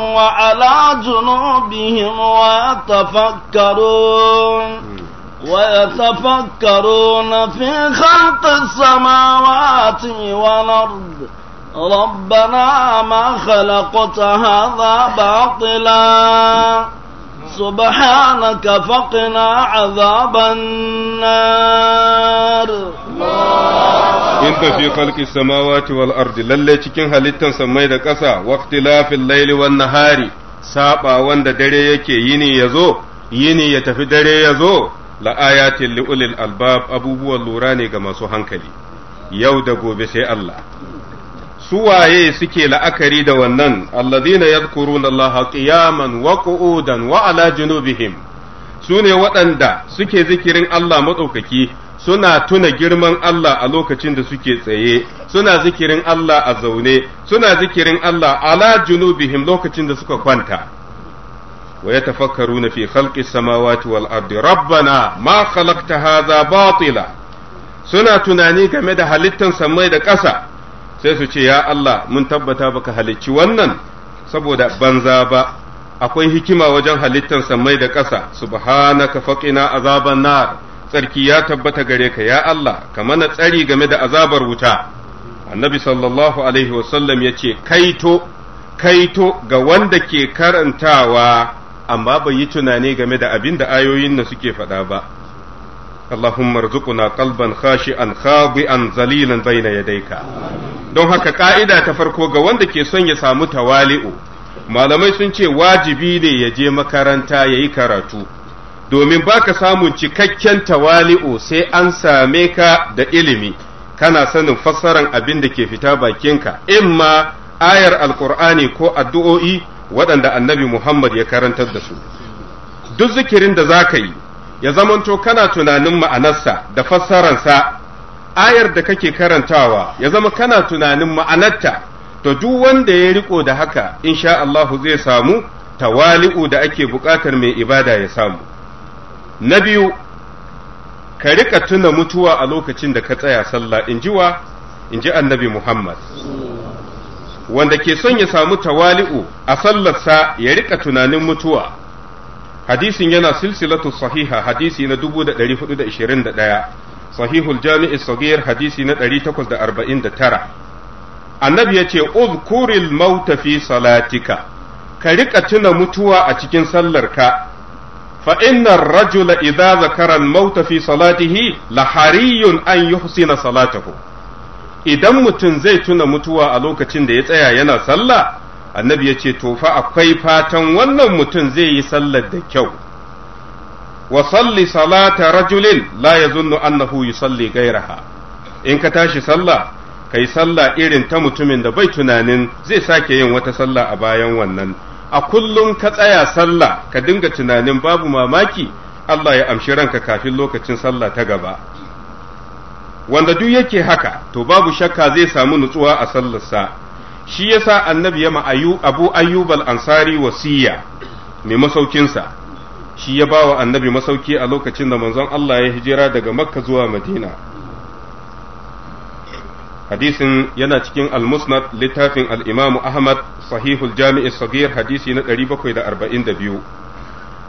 C: وعلى جنوبهم ويتفكرون ويتفكرون في خلق السماوات والأرض ربنا ما خلقت هذا باطلا سبحانك فقنا عذاب النار
A: إن في خلق السماوات والأرض للي cikin halittan samai da ƙasa waqtilafil layli wan nahari saba wanda dare yake yini yazo yini ya tafi dare yazo la'ayatin li'ulil albab abubuwan lura ne ga masu hankali yau da gobe sai Allah su waye suke la'akari da wannan alladhina yadhkuruna Allah qiyaman wa qu'udan wa ala junubihim su ne waɗanda suke zikirin Allah matsokaki, suna tuna girman Allah a lokacin da suke tsaye suna zikirin Allah a zaune suna zikirin Allah ala junubihim lokacin da suka kwanta wa في خلق السماوات والأرض ربنا ما خلقت هذا باطلا suna tunani game da halittan sammai da ƙasa sai su ce ya Allah mun tabbata baka halicci wannan saboda banza ba akwai hikima wajen halittan sammai da ƙasa subhanaka faqina azaban nar tsarki ya tabbata gare ka ya Allah ka mana tsari game da azabar wuta annabi sallallahu alaihi wasallam ya ce kaito kaito ga wanda ke karantawa amma bai yi tunani game da abin da ayoyin na suke faɗa ba Allahumma ارزقنا qalban khashi'an خاضعا zalilan bayna yadayka. don haka ka'ida ta farko ga wanda ke son ya samu tawali'u malamai sun ce wajibi ne ya je makaranta ya yi karatu domin baka samun cikakken tawali'u sai an same ka da ilimi kana sanin fassaran abin da ke fita bakinka imma ayar alkur'ani ko addu'o'i waɗanda annabi Muhammad ya karantar da su duk zikirin da za ka yi ya zamanto kana tunanin ma'anarsa da fassararsa ayar da kake karantawa ya zama kana tunanin ma'anarta to duk wanda ya riko da haka insha Allahu zai samu tawali'u da ake buƙatar mai ibada ya samu na biyu ka riƙa tuna mutuwa a lokacin da ka tsaya sallah in ji in ji annabi Muhammad wanda ke son ya samu tawali'u a sallarsa ya rika tunanin mutuwa hadisin yana silsilatu sahiha hadisi na 1421 sahihul jami'i sagir hadisi na 849 annabi ya ce uzkuril mauta fi salatika ka rika tuna mutuwa a cikin sallarka fa innar rajula idza zakara al-mauta fi salatihi lahariyun an yuhsina salatahu idan mutum zai tuna mutuwa a lokacin da ya tsaya yana sallah annabi ya ce to fa akwai fatan wannan mutum zai yi sallar da kyau wa salli salata rajulin la yazunnu annahu yusalli gairaha in ka tashi sallah kai sallah irin ta mutumin da bai tunanin zai sake yin wata sallah a bayan wannan a kullum ka tsaya sallah ka dinga tunanin babu mamaki Allah ya amshi ranka kafin lokacin sallah ta gaba wanda duk yake haka to babu shakka zai samu nutsuwa a sallarsa shi yasa annabi ya ma'ayu abu ayyub ansari wasiya mai masaukinsa shi ya bawa annabi masauki a lokacin da manzon Allah ya hijira daga makka zuwa madina hadisin yana cikin al-musnad littafin al-imamu ahmad sahihul jami'i sagir hadisi na 742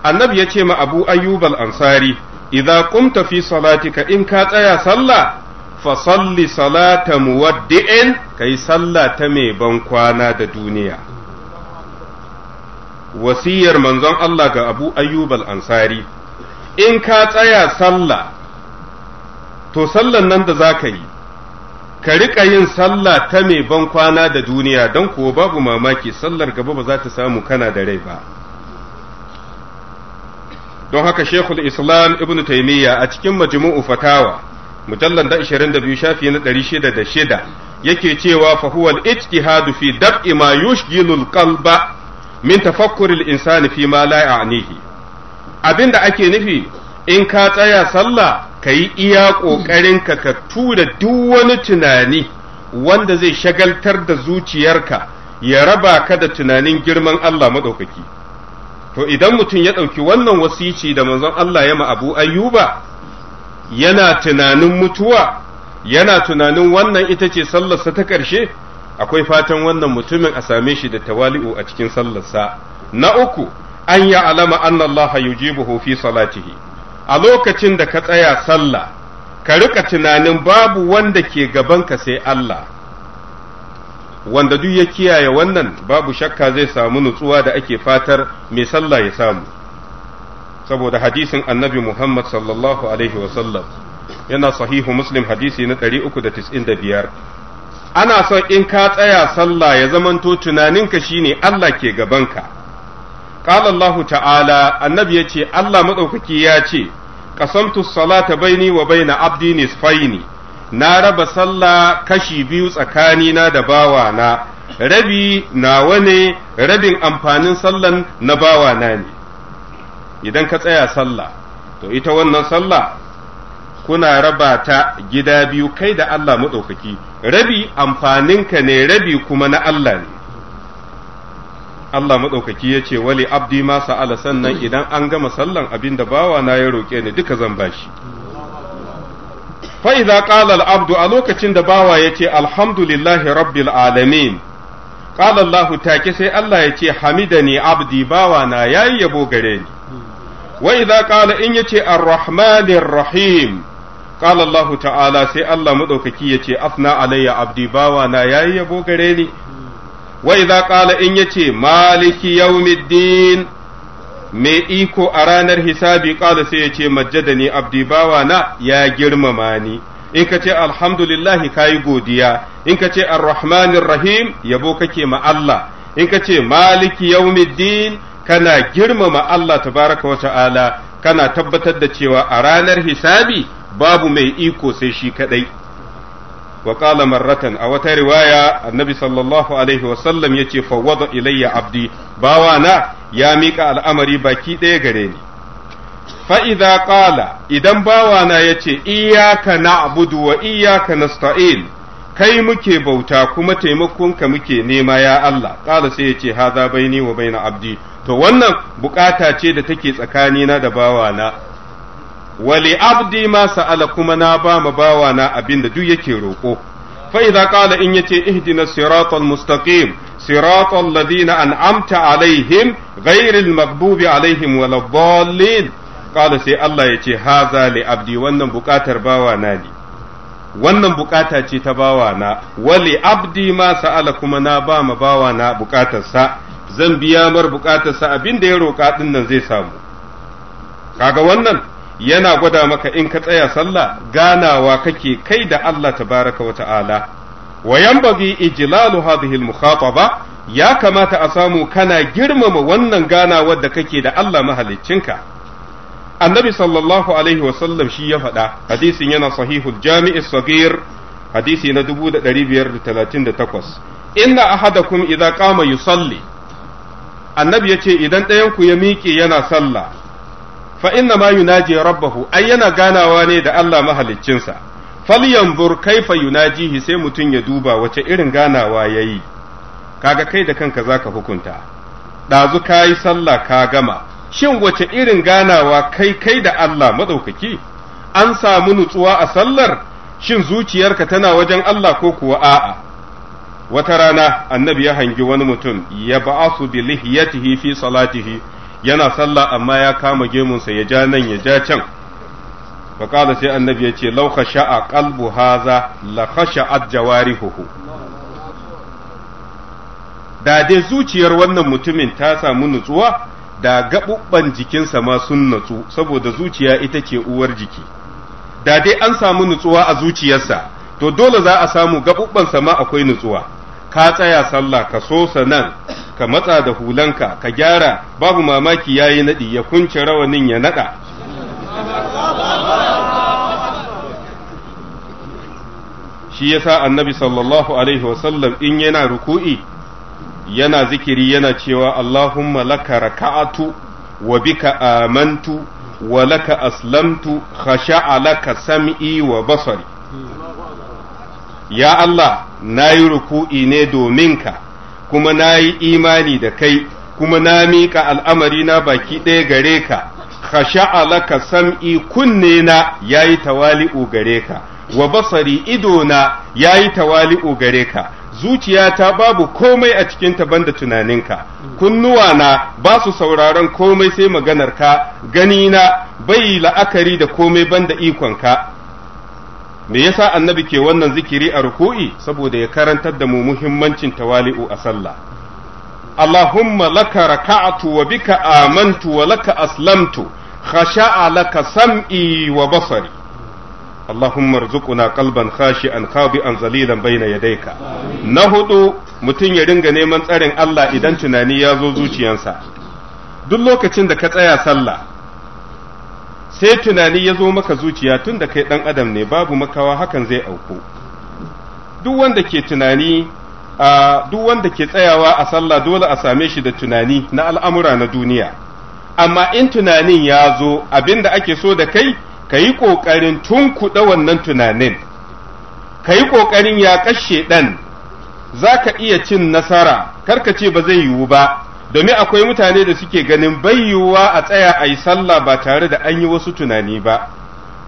A: annabi ya ce ma abu ayubal ansari idza qumta fi salatika in ka tsaya sallah fasalli salata muwaddi'in kai sallah ta mai ban kwana da duniya wasiyar manzon Allah ga Abu Ayyub al-Ansari in ka tsaya sallah to sallan nan da za ka yi ka rika yin sallah ta mai ban kwana da duniya don kuwa babu mamaki sallar gaba ba za ta samu kana da rai ba don haka shekul islam ibn taimiyya a cikin majmu'u fatawa mujallar da 22 shafi na 606 yake cewa fa huwa al-ijtihadu fi dab'i ma yushghilu qalba min tafakkuri al-insani fi ma la ya'nihi abinda ake nufi in ka tsaya sallah kayi iya kokarin ka ka tura duk wani tunani wanda zai shagaltar da zuciyarka ya raba ka da tunanin girman Allah madaukaki to idan mutum ya ɗauki wannan wasici da manzon Allah ya ma Abu Ayyuba yana tunanin mutuwa yana tunanin wannan ita ce sallarsa ta ƙarshe akwai fatan wannan mutumin a same shi da tawali'u a cikin sallarsa na uku an ya alama an Allah yujibuhu fi salatihi a lokacin da ka tsaya sallah ka rika tunanin babu wanda ke gabanka sai Allah wanda duk ya kiyaye wannan babu shakka zai samu nutsuwa da ake fatar mai sallah ya samu saboda hadisin annabi Muhammad sallallahu alaihi wasallam yana sahihu muslim hadisi na biyar ana son in ka tsaya sallah ya zamanto tunaninka shi ne Allah ke gaban ka kalallahu ta'ala annabi ya ce Allah madaukaki ya ce qasamtu salata baini wa baina abdi nisfaini na raba sallah kashi biyu tsakanina da bawana rabi nawa ne rabin amfanin sallan na bawana ne idan ka tsaya sallah to ita wannan sallah kuna raba ta gida biyu kai da Allah maɗaukaki rabi amfaninka ne rabi kuma na Allah ne Allah maɗaukaki ya ce wali abdi ma sa'ala sannan idan an gama sallan abinda bawa na ya roƙe ni duka zan bashi fa'iza ƙalal abdu a lokacin da bawa ya ce alhamdulillahi rabbil alamin ƙalallahu take sai Allah ya ce Hamida hamidani abdi bawa na yayi yabo gare ni wa idza qala in yace ar-rahmanir ta'ala sai Allah madaukaki yace afna alayya abdi yace maliki yawmiddin mai iko a ranar hisabi qala sai yace majjadani abdi na ya girmama ni in ka alhamdulillahi kayi godiya in ka ce yabo kake ma Allah in maliki kana girmama Allah tabaraka wa ta'ala kana tabbatar da cewa a ranar hisabi babu mai iko sai shi kadai wa qala marratan a wata riwaya annabi sallallahu alaihi wa sallam yace fawwada ilayya abdi bawana ya mika al'amari baki ɗaya gare ni fa'iza ƙala idan bawana ya ce, Iyaka na abudu wa iyyaka nasta'in, kai muke bauta kuma taimakonka muke nema ya Allah, ƙala sai yace ce, Haza baini wa baina abdi, to wannan bukata ce da take tsakanina da bawana wali abdi ma sa'ala kuma na ba ma bawana abin da duk yake roƙo fa idza qala in yace ihdina siratal mustaqim siratal ladina an'amta alaihim ghairil maghdubi alaihim waladdallin qala sai Allah yace haza li abdi wannan bukatar bawana ne wannan bukata ce ta bawana wali abdi ma sa'ala kuma na ba ma bawana bukatarsa zan biya mar bukatarsa abin da ya roƙa ɗin nan zai samu kaga wannan yana gwada maka in ka tsaya sallah ganawa kake kai da Allah tabaraka wa ta'ala wa yanbaghi ijlalu hadhihi al-mukhataba ya kamata a samu kana girmama wannan ganawar da kake da Allah mahaliccinka annabi sallallahu alaihi wa sallam shi ya faɗa hadisin yana sahihul jami'i sagir hadisi na 1538 inna ahadakum idza qama yusalli annabi ya ce idan ɗayanku ya miƙe yana sallah fa inna ma yunaji rabbahu ai yana ganawa ne da Allah mahaliccinsa falyanzur kaifa yunajihi sai mutum ya duba wace irin ganawa yayi kaga kai da kanka zaka hukunta ɗazu kayi sallah ka gama shin wace irin ganawa kai kai da Allah maɗaukaki an samu nutsuwa a sallar shin zuciyarka tana wajen Allah ko kuwa a'a wata rana annabi ya hangi wani mutum ya ba'asu bi lihiyatihi fi salatihi yana sallah amma ya kama gemunsa ya ja nan ya ja can faƙada sai annabi ya ce law khasha'a qalbu haza la khasha'at jawarihuhu da dai zuciyar wannan mutumin ta samu nutsuwa da gaɓuɓɓan jikinsa ma sun nutsu saboda zuciya ita ce uwar jiki da dai an samu nutsuwa a zuciyarsa to dole za a samu gaɓuɓɓansa sama akwai nutsuwa ka tsaya sallah ka so nan ka matsa da hulanka ka gyara babu mamaki yayi naɗi ya kunce rawanin ya naɗa. shi yasa annabi sallallahu alaihi wasallam in yana ruku'i yana zikiri yana cewa Allahumma laka raka'atu wa bika amantu wa laka aslamtu khasha'a laka sam'i wa basari ya Allah na yi ruku'i ne domin ka kuma na yi imani da kai kuma na miƙa al'amari na baki ɗaya gare ka sha'alaka sam'i kunne na ya yi tawali'u gare ka wa basari ido na ya yi tawali'u gare ka zuciyata babu komai a cikin cikinta banda tunaninka kunnuwa na ba su sauraron komai sai maganar ka gani na bai la'akari da komai banda ikonka me yasa annabi ke wannan zikiri a ruku'i saboda ya karantar da mu muhimmancin tawali'u a sallah Allahumma laka raka'atu wa bika amantu wa laka aslamtu khasha'a laka sam'i wa basari اللهم qalban khashi'an khabi'an zalilan ذليلا yadayka Na hudu mutum ya ringa neman tsarin Allah idan tunani ya zo zuciyansa duk lokacin da ka tsaya sallah sai tunani ya zo maka zuciya tun da kai ɗan adam ne babu makawa hakan zai auku duk wanda ke tunani a duk wanda ke tsayawa a sallah dole a same shi da tunani na al'amura na duniya amma in tunanin ya zo abin da ake so da kai ka yi ƙoƙarin tun kuɗa wannan tunanin ka yi ƙoƙarin ya kashe ɗan za ka iya cin nasara karka ce ba zai yiwu ba domin akwai mutane da suke ganin bayyuwa a tsaya a yi sallah ba tare da an yi wasu tunani ba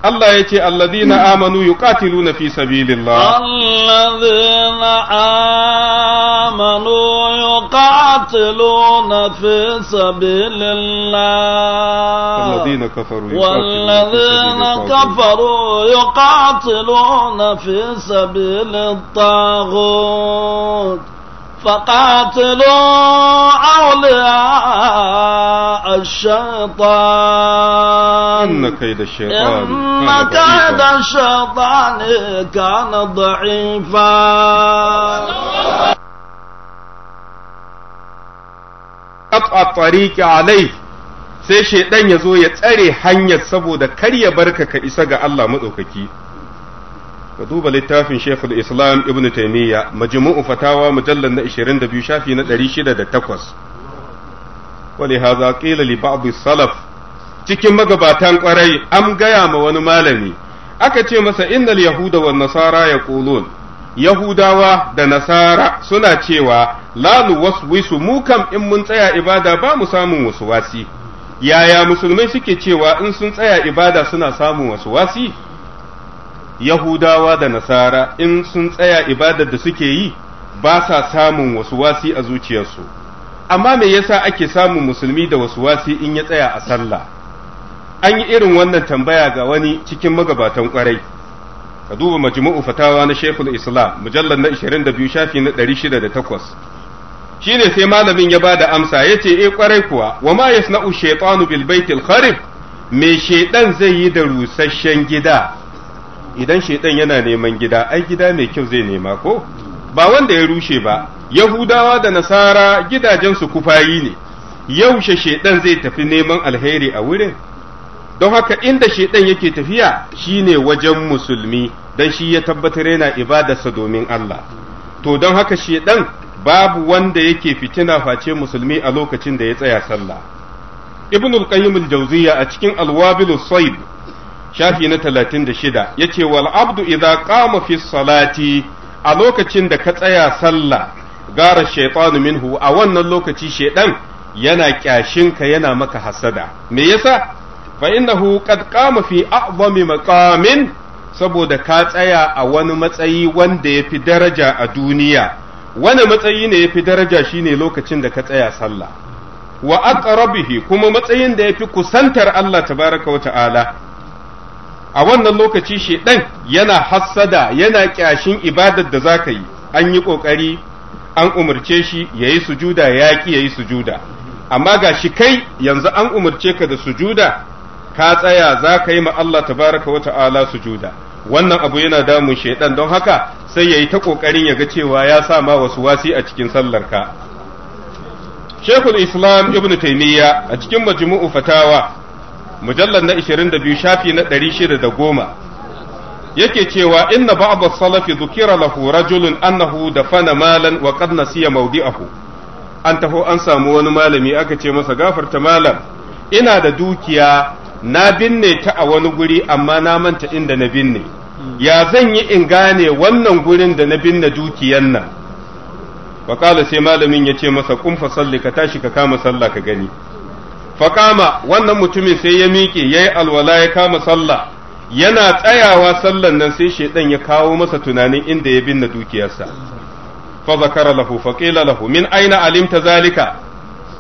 A: Allah ya ce alladhina amanu yuqatiluna fi sabilillah
C: alladhina amanu yuqatiluna fi sabilillah alladhina kafaru walladhina kafaru yuqatiluna fi sabilit taghut فقاتلوا أولياء الشيطان
A: إن كيد الشيطان
C: إن كيد الشيطان كان ضعيفا قطع الطريق
A: عليه سيشي دن ya zo ya tsare hanyar saboda kar ya barka ka ka duba littafin Sheikhul Islam Ibn taimiyya majmu'u fatawa mujallar na 22 shafi na 608 wali hadha ƙila li ba'd salaf cikin magabatan ƙwarai, an gaya ma wani malami aka ce masa innal yahuda wa nasara yaqulun yahudawa da nasara suna cewa la nuwaswisu mu kam in mun tsaya ibada ba mu samun wasi, yaya musulmai suke cewa in sun tsaya ibada suna samun wasu wasi yahudawa da nasara in sun tsaya ibadar da suke yi ba sa samun wasu wasi a zuciyarsu amma me yasa ake samun musulmi da wasu wasi in ya tsaya a sallah an yi irin wannan tambaya ga wani cikin magabatan kwarai ka duba majmu'u fatawa na Shekul Islam mujallar na 22 shafi na 608 ne sai malamin ya ba da amsa ya ce eh kwarai kuwa wa ma yasna'u shaytanu bil baitil kharif me shaidan zai yi da rusasshen gida idan shaidan yana neman gida ai gida mai kyau zai nema ko ba wanda ya rushe ba yahudawa da nasara gidajensu kufayi ne yaushe shaidan zai tafi neman alheri a wurin don haka inda shaidan yake tafiya shi ne wajen musulmi don shi ya tabbatar yana ibadarsa domin Allah to don haka shaidan babu wanda yake fitina face musulmi a lokacin da ya tsaya sallah ibnul qayyim al-jawziyya a cikin al-wabil shafi na talatin da shida ya ce wal abdu kamafi fi salati a lokacin da ka tsaya sallah gara shaitanu minhu a wannan lokaci shaidan yana kyashinka yana maka hasada me yasa fa innahu qad qama fi a'zami maqamin saboda ka tsaya a wani matsayi wanda ya fi daraja a duniya wani matsayi ne ya fi daraja shine lokacin da ka tsaya sallah wa aqrabihi kuma matsayin da ya fi kusantar Allah tabaraka wa ta'ala a wannan lokaci shedan yana hassada yana ƙyashin ibadar da zaka yi an yi kokari an umarce shi ya yi sujuda ya ya yi sujuda amma ga shi kai yanzu an umarce ka da sujuda ka tsaya za ka yi ma Allah tabaraka wa ta'ala sujuda wannan abu yana damun shaidan don haka sai ya yi ta ƙoƙarin ya ga cewa ya sa ma wasu wasi a cikin sallar ka Shekul Islam Ibn Taymiyyah a cikin Majmu'u Fatawa mujallar na 22 shafi na 610 yake cewa inna ba'd salafi dhukira lahu rajulun annahu dafana malan wa qad nasiya mawdi'ahu an taho an samu wani malami aka ce masa gafarta malam ina da dukiya na binne ta a wani guri amma na manta inda na binne ya zan yi in gane wannan gurin da na binne dukiyan nan wa sai malamin ya ce masa kun fa salli ka tashi ka kama sallah ka gani faƙama wannan mutumin sai ya miƙe ya yi alwala ya kama sallah yana tsayawa sallan nan sai shaidan ya kawo masa tunanin inda ya binne dukiyarsa fa zakara lahu fa qila lahu min aina alimta zalika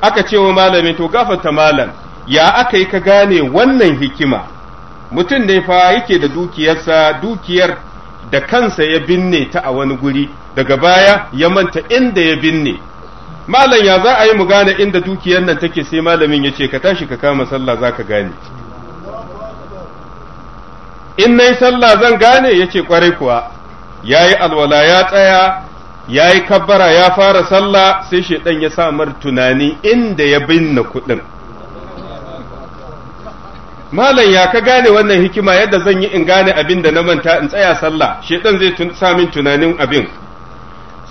A: aka ce wa malamin to gafarta malam ya aka yi ka gane wannan hikima mutum ne fa yake da dukiyarsa dukiyar da kansa ya binne ta a wani guri daga baya ya manta inda ya binne malam ya za a yi mu gane inda dukiyar nan take sai malamin ya ce ka tashi ka kama sallah za ka gane in na yi sallah zan gane ya ce kwarai kuwa ya yi alwala ya tsaya ya yi kabbara ya fara sallah sai shaidan ya samar tunani inda ya binne kudin malam ya ka gane wannan hikima yadda zan yi in gane abin da na manta in tsaya sallah shaidan zai min tunanin abin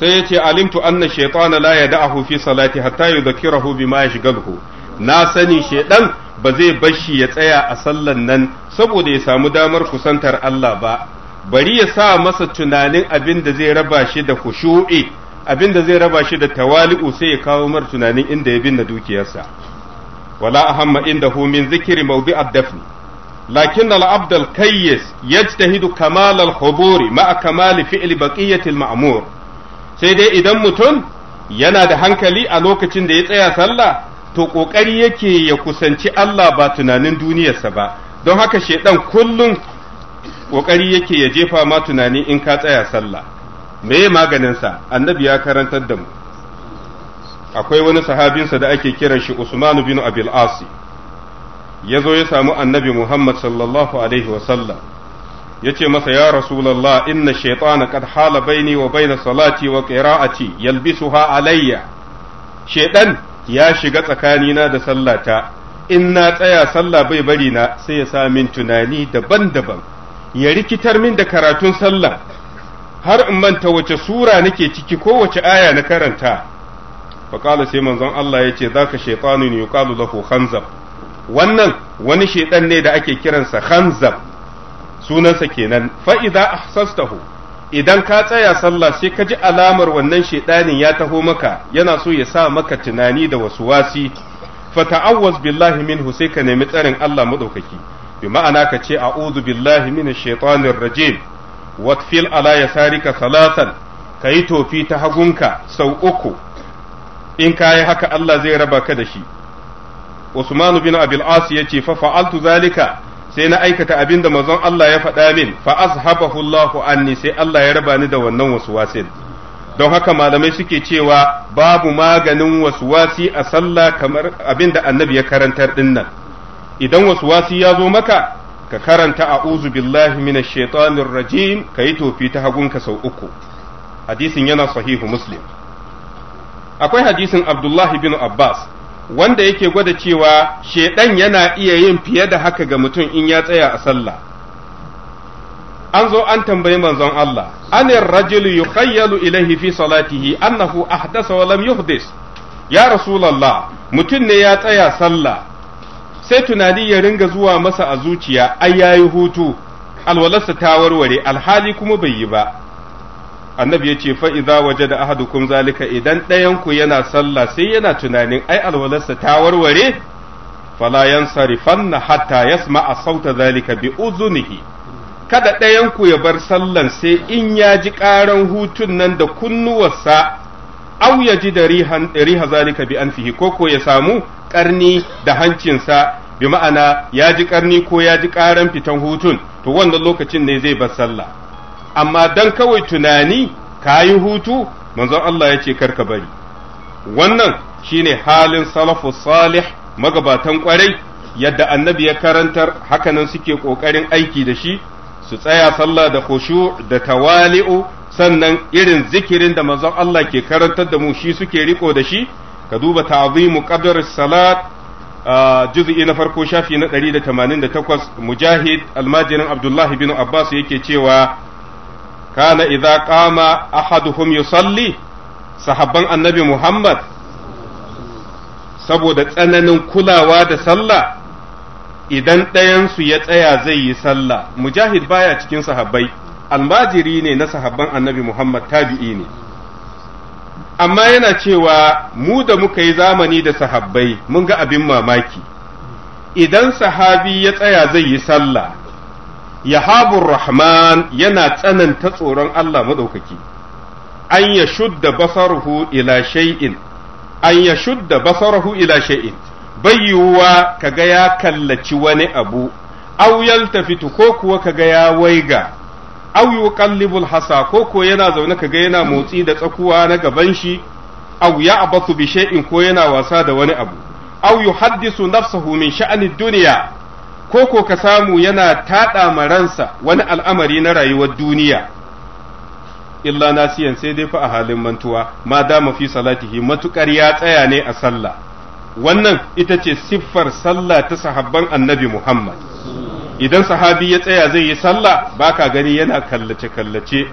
A: sai ya ce alimtu anna shaytana la yada'ahu fi salati hatta yudhkirahu bima yashghaluhu na sani shaidan ba zai bashi ya tsaya a sallan nan saboda ya samu damar kusantar Allah ba bari ya sa masa tunanin abin da zai raba shi da khushu'i abin da zai raba shi da tawali'u sai ya kawo mar tunanin inda ya binne dukiyarsa wala ahamma indahu min zikri mawdi'ad dafn lakin al-abd al-kayyis yajtahidu kamal al-huburi ma'a kamali fi'l baqiyati mamur sai dai idan mutum yana da hankali a lokacin da ya tsaya sallah to kokari yake ya kusanci Allah ba tunanin duniyarsa ba don haka shedan kullum kokari yake ya jefa ma tunani in ka tsaya sallah me maganinsa annabi ya karantar da mu akwai wani sahabinsa da ake kiran shi Usman bin Abil Asi ya zo ya samu annabi Muhammad sallallahu alaihi wa yace masa ya rasulullah inna shaytana qad hala baini wa baina salati wa qira'ati yalbisuha alayya shaytan ya shiga tsakanina da sallata in na tsaya sallah bai bari na sai ya sa min tunani daban-daban ya rikitar min da karatun sallah har in manta wace sura nake ciki ko wace aya na karanta Baƙala sai manzon Allah ya ce zaka shaytanun yuqalu lahu khanzab wannan wani shaytan ne da ake kiransa khanzab sunansa kenan fa'ida a ahsastahu idan ka tsaya sallah sai ka ji alamar wannan shaiɗanin ya taho maka yana so ya sa maka tunani da wasu wasi fa billahi minhu sai ka nemi tsarin Allah madaukaki bi ma'ana ka ce a'udhu billahi minash shaitanir rajim watfil ala yasarika salatan yi tofi ta hagunka sau uku in kayi haka Allah zai raba ka da shi Usman bin Abil As yace fa fa'altu zalika sai na aikata abin da manzon Allah ya faɗa min fa azhabahu Allahu anni sai Allah ya raba ni da wannan waswasin don haka malamai suke cewa babu maganin waswasi a sallah kamar abin da annabi ya karantar dinnan idan waswasi ya zo maka ka karanta a'udhu billahi minash shaitanir rajim kai tofi ta hagunka sau uku hadisin yana sahihu muslim akwai hadisin abdullahi bin abbas wanda yake gwada cewa shedan yana iya yin fiye da haka ga mutum in ya tsaya a sallah an zo an tambayi manzon Allah anir rajulu yukhayyalu ilaihi fi salatihi annahu ahdasa wa lam yuhdis ya rasulullah mutum ne ya tsaya sallah sai tunani ya ringa zuwa masa a zuciya ai yayi hutu alwalasa ta warware alhali kuma bai yi ba annabi yace fa idza wajada ahadukum zalika idan ɗayanku ku yana sallah sai yana tunanin ai alwalarsa ta warware fala yansarifanna hatta yasma sauta zalika bi uzunihi kada ɗayanku ku ya bar sallan sai in ya ji ƙaran hutun nan da kunnuwarsa au ya ji da riha zalika bi anfihi ko ko ya samu ƙarni da hancinsa bi ma'ana ya ji ƙarni ko ya ji ƙaran fitan hutun to wannan lokacin ne zai bar sallah amma dan kawai tunani ka yi hutu manzon Allah ya ce karka bari wannan shine halin salafu salih magabatan kwarai yadda annabi ya karantar hakanan suke kokarin aiki da shi su tsaya sallah da khushu da tawali'u sannan irin zikirin da manzon Allah ke karantar da mu shi suke riko da shi ka duba ta'zimu qadar salat juz'i na farko shafi na 188 mujahid almajirin abdullahi bin abbas yake cewa kana idza qama ahaduhum yusalli sahabban annabi Muhammad saboda tsananin kulawa da sallah idan ɗayansu ya tsaya zai yi sallah mujahid baya cikin sahabbai almajiri ne na sahabban annabi Muhammad tabi'i ne amma yana cewa mu da muka yi zamani da sahabbai mun ga abin mamaki idan sahabi ya tsaya zai yi sallah yahabur rahman yana tsananta tsoron Allah maɗaukaki. an ya shudda basarhu ila shay'in an ya shudda basarhu ila shay'in bayyuwa kaga ya kallaci wani abu aw fitu ko kuwa kaga ya waiga aw yuqallibul hasa ko ko yana zaune kaga yana motsi da tsakuwa na gaban shi aw ya'bathu bi shay'in ko yana wasa da wani abu aw yuhaddisu nafsahu min sha'ani dunya ko ko ka samu yana taɗa ma ransa wani al'amari na rayuwar duniya illa nasiyan sai dai fa a halin mantuwa ma dama fi salatihi matukar ya tsaya ne a sallah wannan ita ce siffar sallah ta sahabban annabi Muhammad idan sahabi ya tsaya zai yi sallah baka gani yana kallace kallace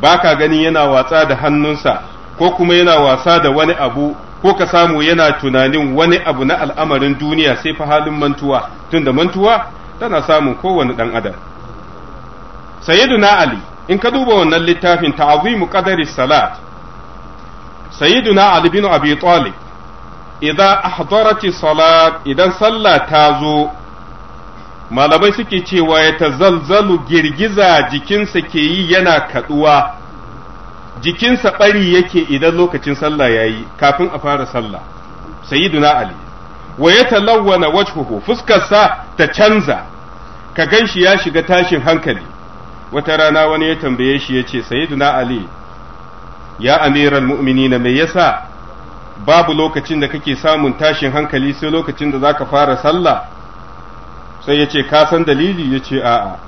A: baka gani yana watsa da hannunsa ko kuma yana wasa da wani abu ko ka samu yana tunanin wani abu na al'amarin duniya sai fa halin mantuwa tunda mantuwa tana samun kowane ɗan adam sayyiduna ali in ka duba wannan littafin ta'azimu qadari salat sayyiduna ali bin abi talib idan ahdarati salat idan sallah ta zo malamai suke cewa ya tazalzalu girgiza jikinsa ke yi yana kaduwa jikinsa ɓari yake idan lokacin sallah ya yi kafin a fara sallah duna ali wa ya talawwana wajhuhu fuskarsa ta canza ka gan shi ya shiga tashin hankali wata rana wani ya tambaye shi ya ce duna ali ya amiran na me yasa babu lokacin da kake samun tashin hankali sai lokacin da zaka fara sallah sai ya ce ka san dalili ya ce a'a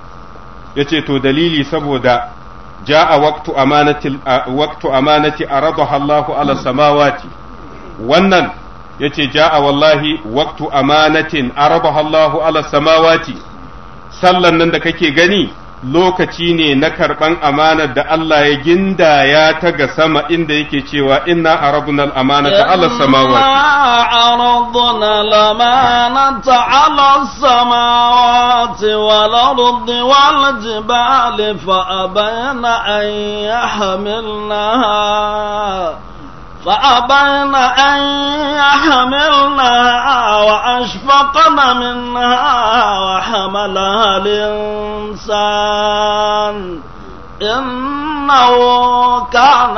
A: ya ce to dalili saboda جاء وقت أمانة وقت أمانة أرضها الله على السماوات wannan yace a wallahi waqtu amanatin arabaha Allah ala samawati sallan nan da kake gani lokaci ne na karɓan amanar da Allah ya gindaya ta ga sama inda yake cewa inna aradna al ta ala samawati inna
C: aradna al-amanata ala samawati wal ardi wal jibali fa abayna an yahmilnaha فأبين أن يحملنها وأشفقن منها وحملها الإنسان إنه كان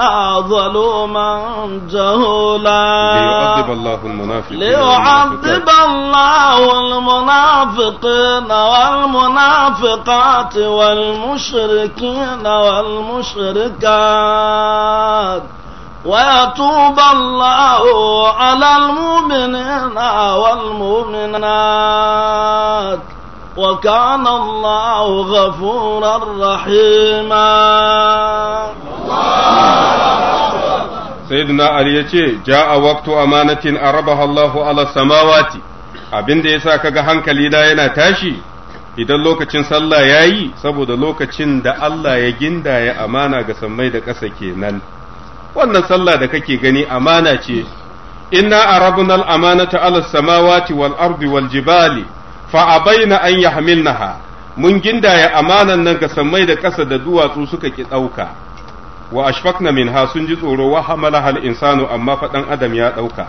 C: ظلوما جهولا ليعذب
A: الله المنافقين ليعذب
C: الله المنافقين والمنافقات والمشركين والمشركات ويتوب الله على المؤمنين والمؤمنات Ali الله غفورا رحيما
A: سيدنا علي يجي جاء وقت أمانة أربها الله على السماوات abin da ya sa ga hankali na yana tashi idan lokacin sallah ya yi saboda lokacin da Allah ya gindaya amana ga sammai da ƙasa kenan. wannan sallah da kake gani amana ce inna arabna al-amanata ala samawati wal ardi wal jibali fa abaina an yahmilnaha mun gindaya amanan nan ga sammai da ƙasa da duwatsu suka ki ɗauka wa ashfaqna minha sun ji tsoro wa hamalaha al-insanu amma fa dan adam ya ɗauka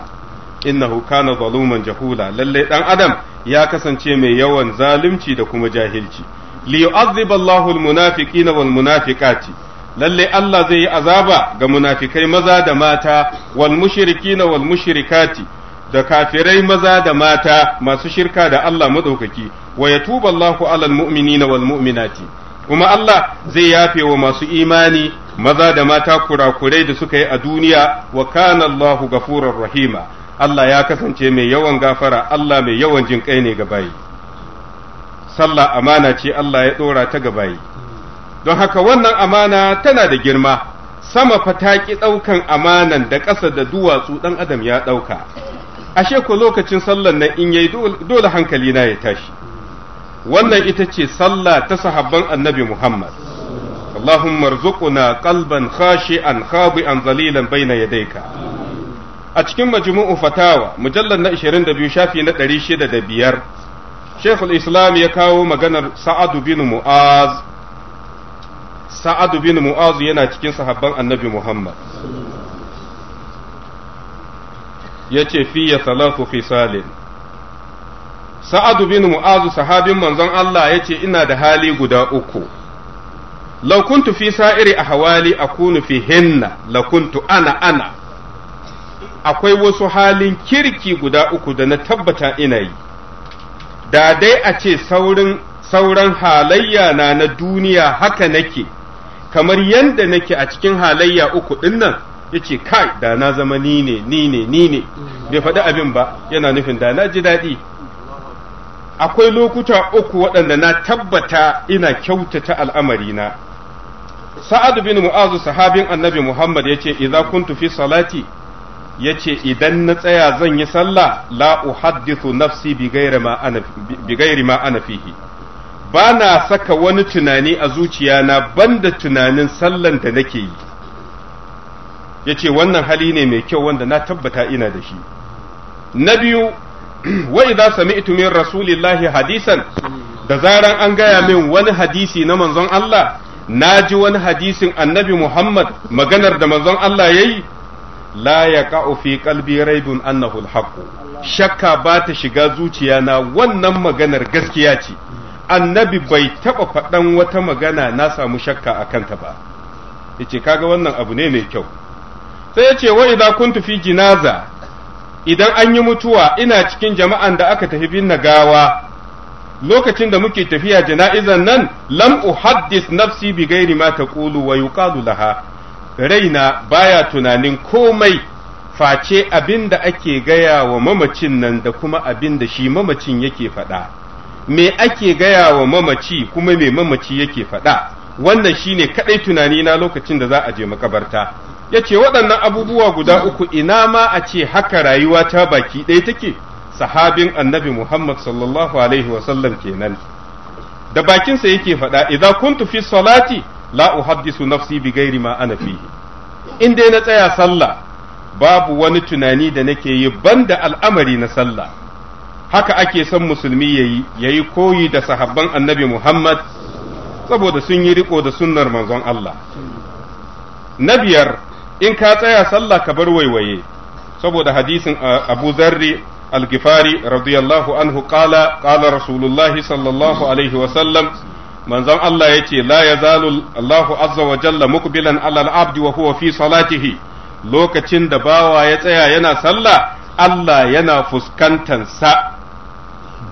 A: innahu kana zaluman jahula lalle dan adam ya kasance mai yawan zalunci da kuma jahilci li yu'adhib Allahu al-munafiqina wal munafiqati lalle Allah zai yi azaba ga munafikai maza da mata wal mushrikina wal mushrikati da kafirai maza da mata masu shirka da Allah madaukaki wa yatubu Allahu alal mu'minina wal mu'minati kuma Allah zai yafe wa masu imani maza da mata kurakurai da suka yi a duniya wa kana Allahu gafurar rahima Allah ya kasance mai yawan gafara Allah mai yawan jin kai ne ga bayi sallah amana ce Allah ya dora ta ga bayi don haka wannan amana tana da girma sama fataki ɗaukan amanan da ƙasa da duwatsu ɗan adam ya ɗauka ashe ko lokacin sallar nan in yayi dole hankali na ya tashi wannan ita ce sallah ta sahabban annabi muhammad اللهم ارزقنا قلبا خاشعا خاضعا ذليلا بين يديك a cikin majmu'u fatawa mujallar na 22 shafi na 605 Sheikhul Islam ya kawo maganar Sa'ad bin Mu'az Sa'adu bin Mu'azu yana cikin sahabban annabi muhammad Ya ce fiye salatu salin Sa'adu bin Mu'azu sahabin manzon Allah ya ce ina da hali guda uku laukuntu Fisa fi sa'iri hawali, kunu fi hinna laukuntu ana ana akwai wasu halin kirki guda uku da na tabbata ina yi da dai a ce sauran halayya na na duniya haka nake kamar yanda nake a cikin halayya uku din nan yace kai da na zama ni ne ni ne ni ne bai faɗi abin ba yana nufin da na ji daɗi akwai lokuta uku waɗanda na tabbata ina kyautata al'amarina sa'ad bin mu'azu sahabin annabi muhammad yace idza kuntu fi salati yace idan na tsaya zan yi sallah la uhaddithu nafsi bi ma ana fihi ba na saka wani tunani a zuciya na banda tunanin sallan da nake yi ya ce wannan hali ne mai kyau wanda na tabbata ina da shi na biyu wa idza sami'tu min rasulillahi hadisan da zaran an gaya min wani hadisi na manzon Allah na ji wani hadisin annabi Muhammad maganar da manzon Allah yayi la yaqa'u fi qalbi raibun annahu alhaq shakka ba ta shiga zuciya na wannan maganar gaskiya ce annabi bai taɓa faɗan wata magana na samu shakka a kanta ba yace kaga wannan abu ne mai kyau sai ya ce wa idza kuntu fi jinaza idan an yi mutuwa ina cikin jama'an da aka tafi bin gawa lokacin da muke tafiya jana'izan nan lam uhaddis nafsi bi ghairi ma taqulu wa yuqalu laha raina baya tunanin komai face abin da ake gaya wa mamacin nan da kuma abin da shi mamacin yake faɗa me ake gaya wa mamaci kuma me mamaci yake faɗa wannan shine kaɗai tunani na lokacin da za a je makabarta ya ce waɗannan abubuwa guda uku ina ma a ce haka rayuwa ta baki ɗaya take sahabin annabi muhammad sallallahu alaihi wasallam kenan da bakinsa yake faɗa idza kuntu fi salati la uhaddisu nafsi bi ghairi ma ana fihi in dai na tsaya sallah babu wani tunani da nake yi banda al'amari na sallah haka ake son musulmi yayi yayi koyi da sahabban annabi Muhammad saboda sun yi riko da sunnar manzon Allah na biyar in ka tsaya sallah ka bar waiwaye saboda hadisin Abu Zarri al gifari radiyallahu anhu qala qala Rasulullahi sallallahu alaihi wa sallam manzon Allah ce la yazalu Allahu azza wa jalla muqbilan ala al-abdi wa huwa fi salatihi lokacin da bawa ya tsaya yana sallah Allah yana fuskantansa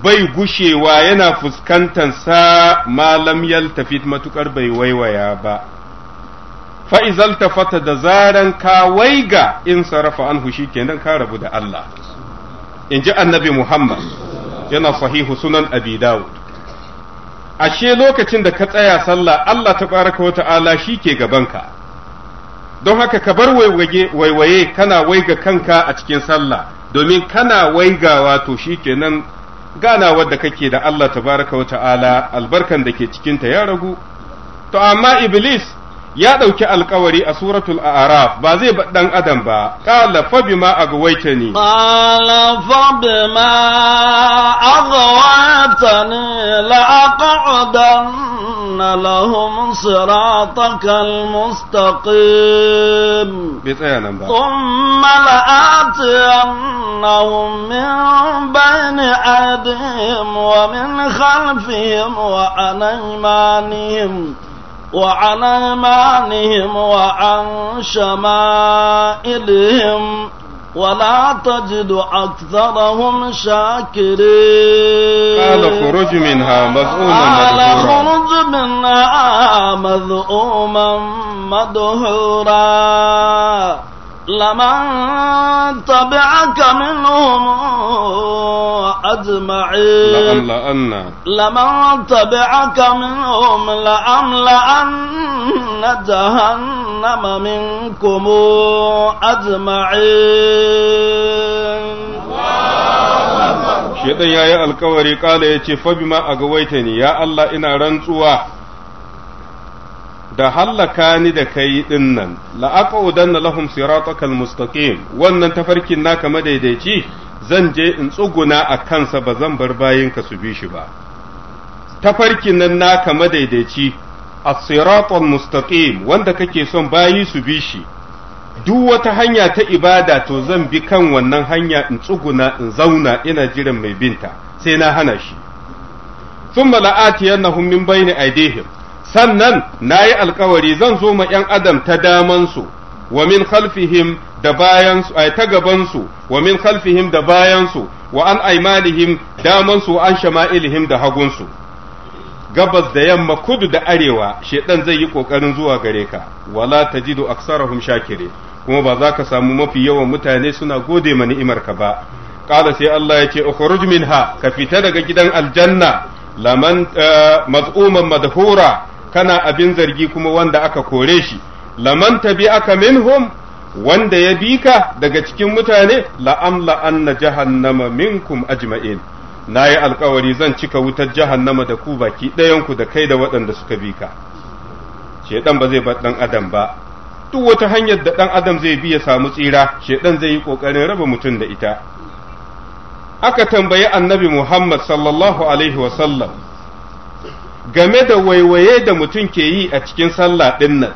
A: bai gushewa yana fuskantar sa malam yaltafit matukar bai waiwaya ba fa'izal tafata da zaran ka waiga in sarrafa anhu shi kenan ka rabu da Allah in ji annabi Muhammad yana sahihu sunan abi Dawud ashe lokacin da ka tsaya sallah Allah ta baraka wa ta'ala shi ke gabanka don haka ka bar waiwaye kana waiga kanka a cikin sallah domin kana waigawa to shi kenan ganawar da kake da Allah tabaraka wa ta'ala albarkan da ke cikinta ya ragu to amma iblis ya ɗauki alkawari a suratul araf ba zai ba ɗan adam ba ƙala fa bima agwaitani
C: ƙala fa bima agwaitani la aq'udanna lahum siratakal almustaqim bi tsaya nan ba thumma la atiyannahum min bayni aydihim wa min khalfihim wa an وعن ايمانهم وعن شمائلهم ولا تجد أكثرهم شاكرين قال خرج
A: منها مذءوما
C: قال خرج منها مذؤوما مدحورا لمن تبعك منهم أجمعين
A: لأم
C: لمن تبعك منهم لأملأن جهنم منكم أجمعين
B: Shedan
A: ya yi alkawari ƙala ya ce, Fabi ma a gawaita ne, ya Allah ina rantsuwa da hallaka ni da kai din nan la'aqudanna lahum siratakal mustaqim wannan tafarkin naka madaidaici zan je in tsuguna a kansa ba zan bar bayinka su bi shi ba tafarkin nan naka madaidaici as-siratal mustaqim wanda kake son bayi su bi shi duk wata hanya ta ibada to zan bi kan wannan hanya in tsuguna in zauna ina jiran mai binta sai na hana shi thumma la'atiyannahum min bayni aydihim sannan na yi alkawari zan zo ma ‘yan adam ta damansu wa min khalfihim da bayansu ai ta gabansu wa min khalfihim da bayansu wa an aimanihim damansu wa an shama'ilihim da hagunsu gabas da yamma kudu da arewa shedan zai yi kokarin zuwa gare ka wala tajidu aksarahum shakire kuma ba za ka samu mafi yawan mutane suna gode ma ni'imar ka ba qala sai Allah ya ce ukhruj minha ka fita daga gidan aljanna laman eh, madhura kana abin zargi kuma wanda aka kore shi laman tabi aka minhum wanda ya bi ka daga cikin mutane la'amla anna jahannama minkum ajma'in na yi alkawari zan cika wutar jahannama da ku baki ɗayanku da kai da waɗanda suka bi ka shedan ba zai bar ɗan adam ba duk wata hanyar da ɗan adam zai bi ya samu tsira shedan zai yi ƙoƙarin raba mutum da ita aka tambayi annabi muhammad sallallahu alaihi sallam. game da waiwaye da mutum ke yi a cikin sallah ɗin nan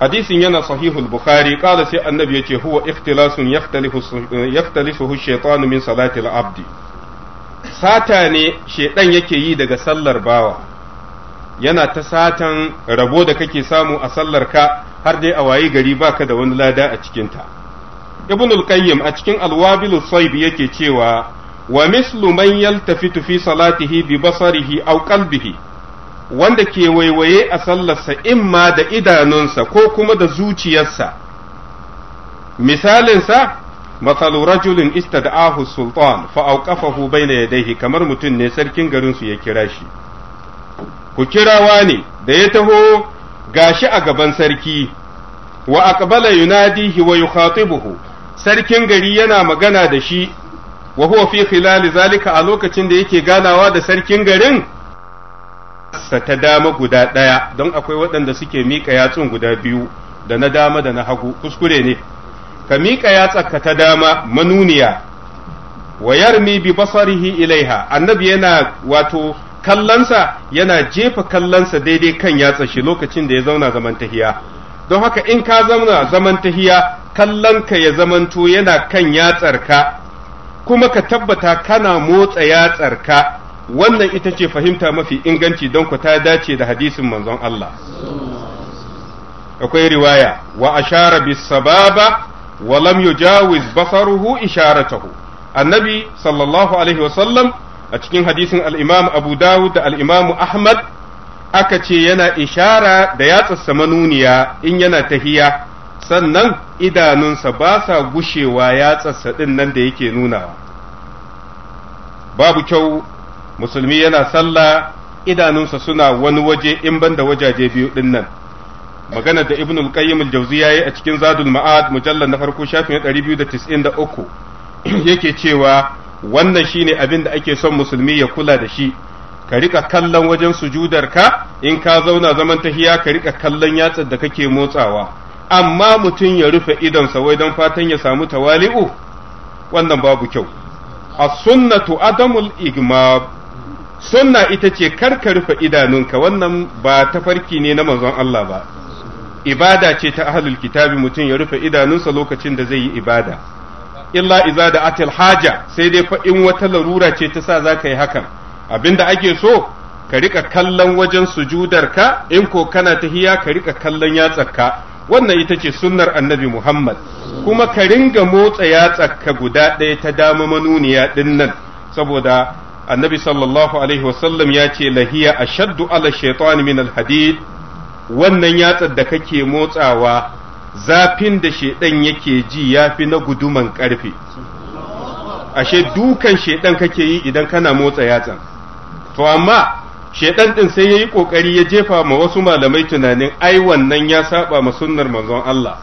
A: hadisin yana sahihul bukhari qala sai annabi yace huwa ikhtilasun yakhtalifu yakhtalifu shaytanu min salati al-abdi sata ne shedan yake yi daga sallar bawa yana ta satan rabo da kake samu a sallar ka har dai a wayi gari baka da wani lada a cikinta ibnul qayyim a cikin alwabilus sayyib yake cewa wa mislu man yaltafitu fi salatihi bi basarihi aw qalbihi wanda ke waiwaye a sallarsa imma da idanunsa ko kuma da zuciyarsa misalinsa matsalu rajulin istad'ahu sultan fa auqafahu bayna yadayhi kamar mutum ne sarkin garin su ya kira shi ku kirawa ne da ya taho gashi a gaban sarki wa aqbala yunadihi wa yukhatibuhu sarkin gari yana magana da shi wa huwa fi khilali zalika a lokacin da yake ganawa da sarkin garin sa ta dama guda ɗaya don akwai waɗanda suke miƙa yatsun guda biyu da na dama da na hagu kuskure ne ka miƙa yatsa ka ta dama manuniya wa yarmi bi basarihi ilaiha annabi yana wato kallansa yana jefa kallansa daidai kan yatsa shi lokacin da ya zauna zaman don haka in ka zauna zamantahiya tahiya kallanka ya zamanto yana kan yatsarka kuma ka tabbata kana motsa yatsar ka wannan ita ce fahimta mafi inganci don ku ta dace da hadisin manzon Allah akwai riwaya wa ashara bis sababa wa lam yujawiz basaruhu isharatahu annabi sallallahu alaihi sallam a cikin hadisin al-imam abu dawud da al-imam ahmad aka ce yana ishara da yatsarsa manuniya in yana tahiya sannan idanunsa ba sa gushewa ya ɗin nan da yake nunawa babu kyau musulmi yana sallah idanunsa suna wani waje in ban da wajaje biyu ɗin nan magana da ibn al-qayyim al-jawzi yayi a cikin zadul ma'ad mujallal na farko shafin 293 yake cewa wannan shine abin da ake son musulmi ya kula da shi ka rika kallon wajen ka in ka zauna zaman tahiya ka rika kallon yatsar da kake motsawa amma mutum ya rufe idonsa wai don fatan ya samu tawali'u wannan babu kyau a sunnatu adamul igma sunna ita ce karka rufe idanunka wannan ba ta farki ne na manzon Allah ba ibada ce ta ahlul kitabi mutum ya rufe idanunsa lokacin da zai yi ibada illa iza da atil haja sai dai fa in wata larura ce ta sa za ka yi hakan abinda ake so ka rika kallon wajen sujudarka in ko kana hiya ka rika kallon yatsarka wannan ita ce sunnar annabi Muhammad kuma ka ringa motsa yatsa ka guda ɗaya ta dama manuniya ɗin nan saboda annabi sallallahu alaihi wasallam ya ce lahiya ashaddu ala shaitan min alhadid wannan yatsar da kake motsawa zafin da shaidan yake ji yafi na guduman karfe ashe dukan shaidan kake yi idan kana motsa yatsan to amma shedan din sai ya yi kokari ya jefa ma wasu malamai tunanin ai wannan ya saba ma sunnar manzon Allah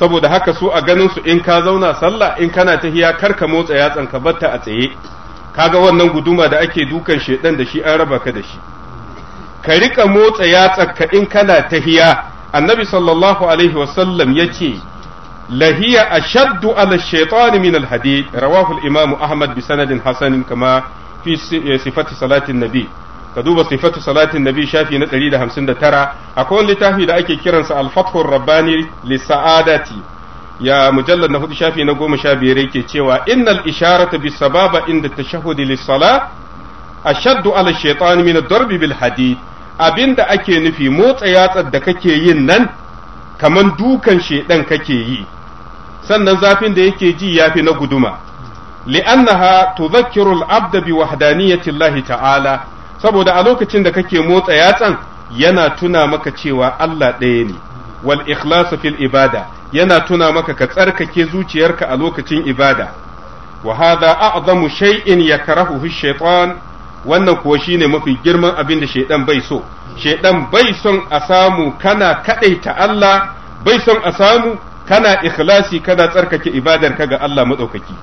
A: saboda haka su a ganin su in ka zauna sallah in kana tahiya kar ka motsa yatsan ka batta a tsaye kaga wannan guduma da ake dukan shedan da shi an raba ka da shi ka rika motsa yatsan ka in kana tahiya annabi sallallahu alaihi wasallam yace lahiya ashaddu ala shaytan min al hadid rawahu al imam ahmad bi sanadin hasan kama fi eh, sifati salatin nabi ka duba sifatu salatin nabi shafi na tara akwai littafi da ake kiransa al rabbani li sa'adati ya mujallad na hudu shafi na goma sha biyar yake cewa innal isharata bi sababa inda tashahudi lis sala ashaddu ala shaytan min ad-darbi bil hadid abinda ake nufi motsa yatsar da kake yin nan kaman dukan shedan kake yi sannan zafin da yake ji yafi na guduma li'annaha tudhakkiru al-abda bi wahdaniyati Allah ta'ala saboda a lokacin da kake motsa yatsan yana tuna maka cewa Allah ɗaya ne wal ikhlasu fil ibada yana tuna maka ka tsarkake zuciyarka a lokacin ibada wa hadha a'zamu shay'in yakrahuhu shaytan wannan kuwa shine mafi girman abin da shaydan bai so shaydan bai son a samu kana kadaita Allah bai son a samu kana ikhlasi kana tsarkake ibadarka ga Allah madaukaki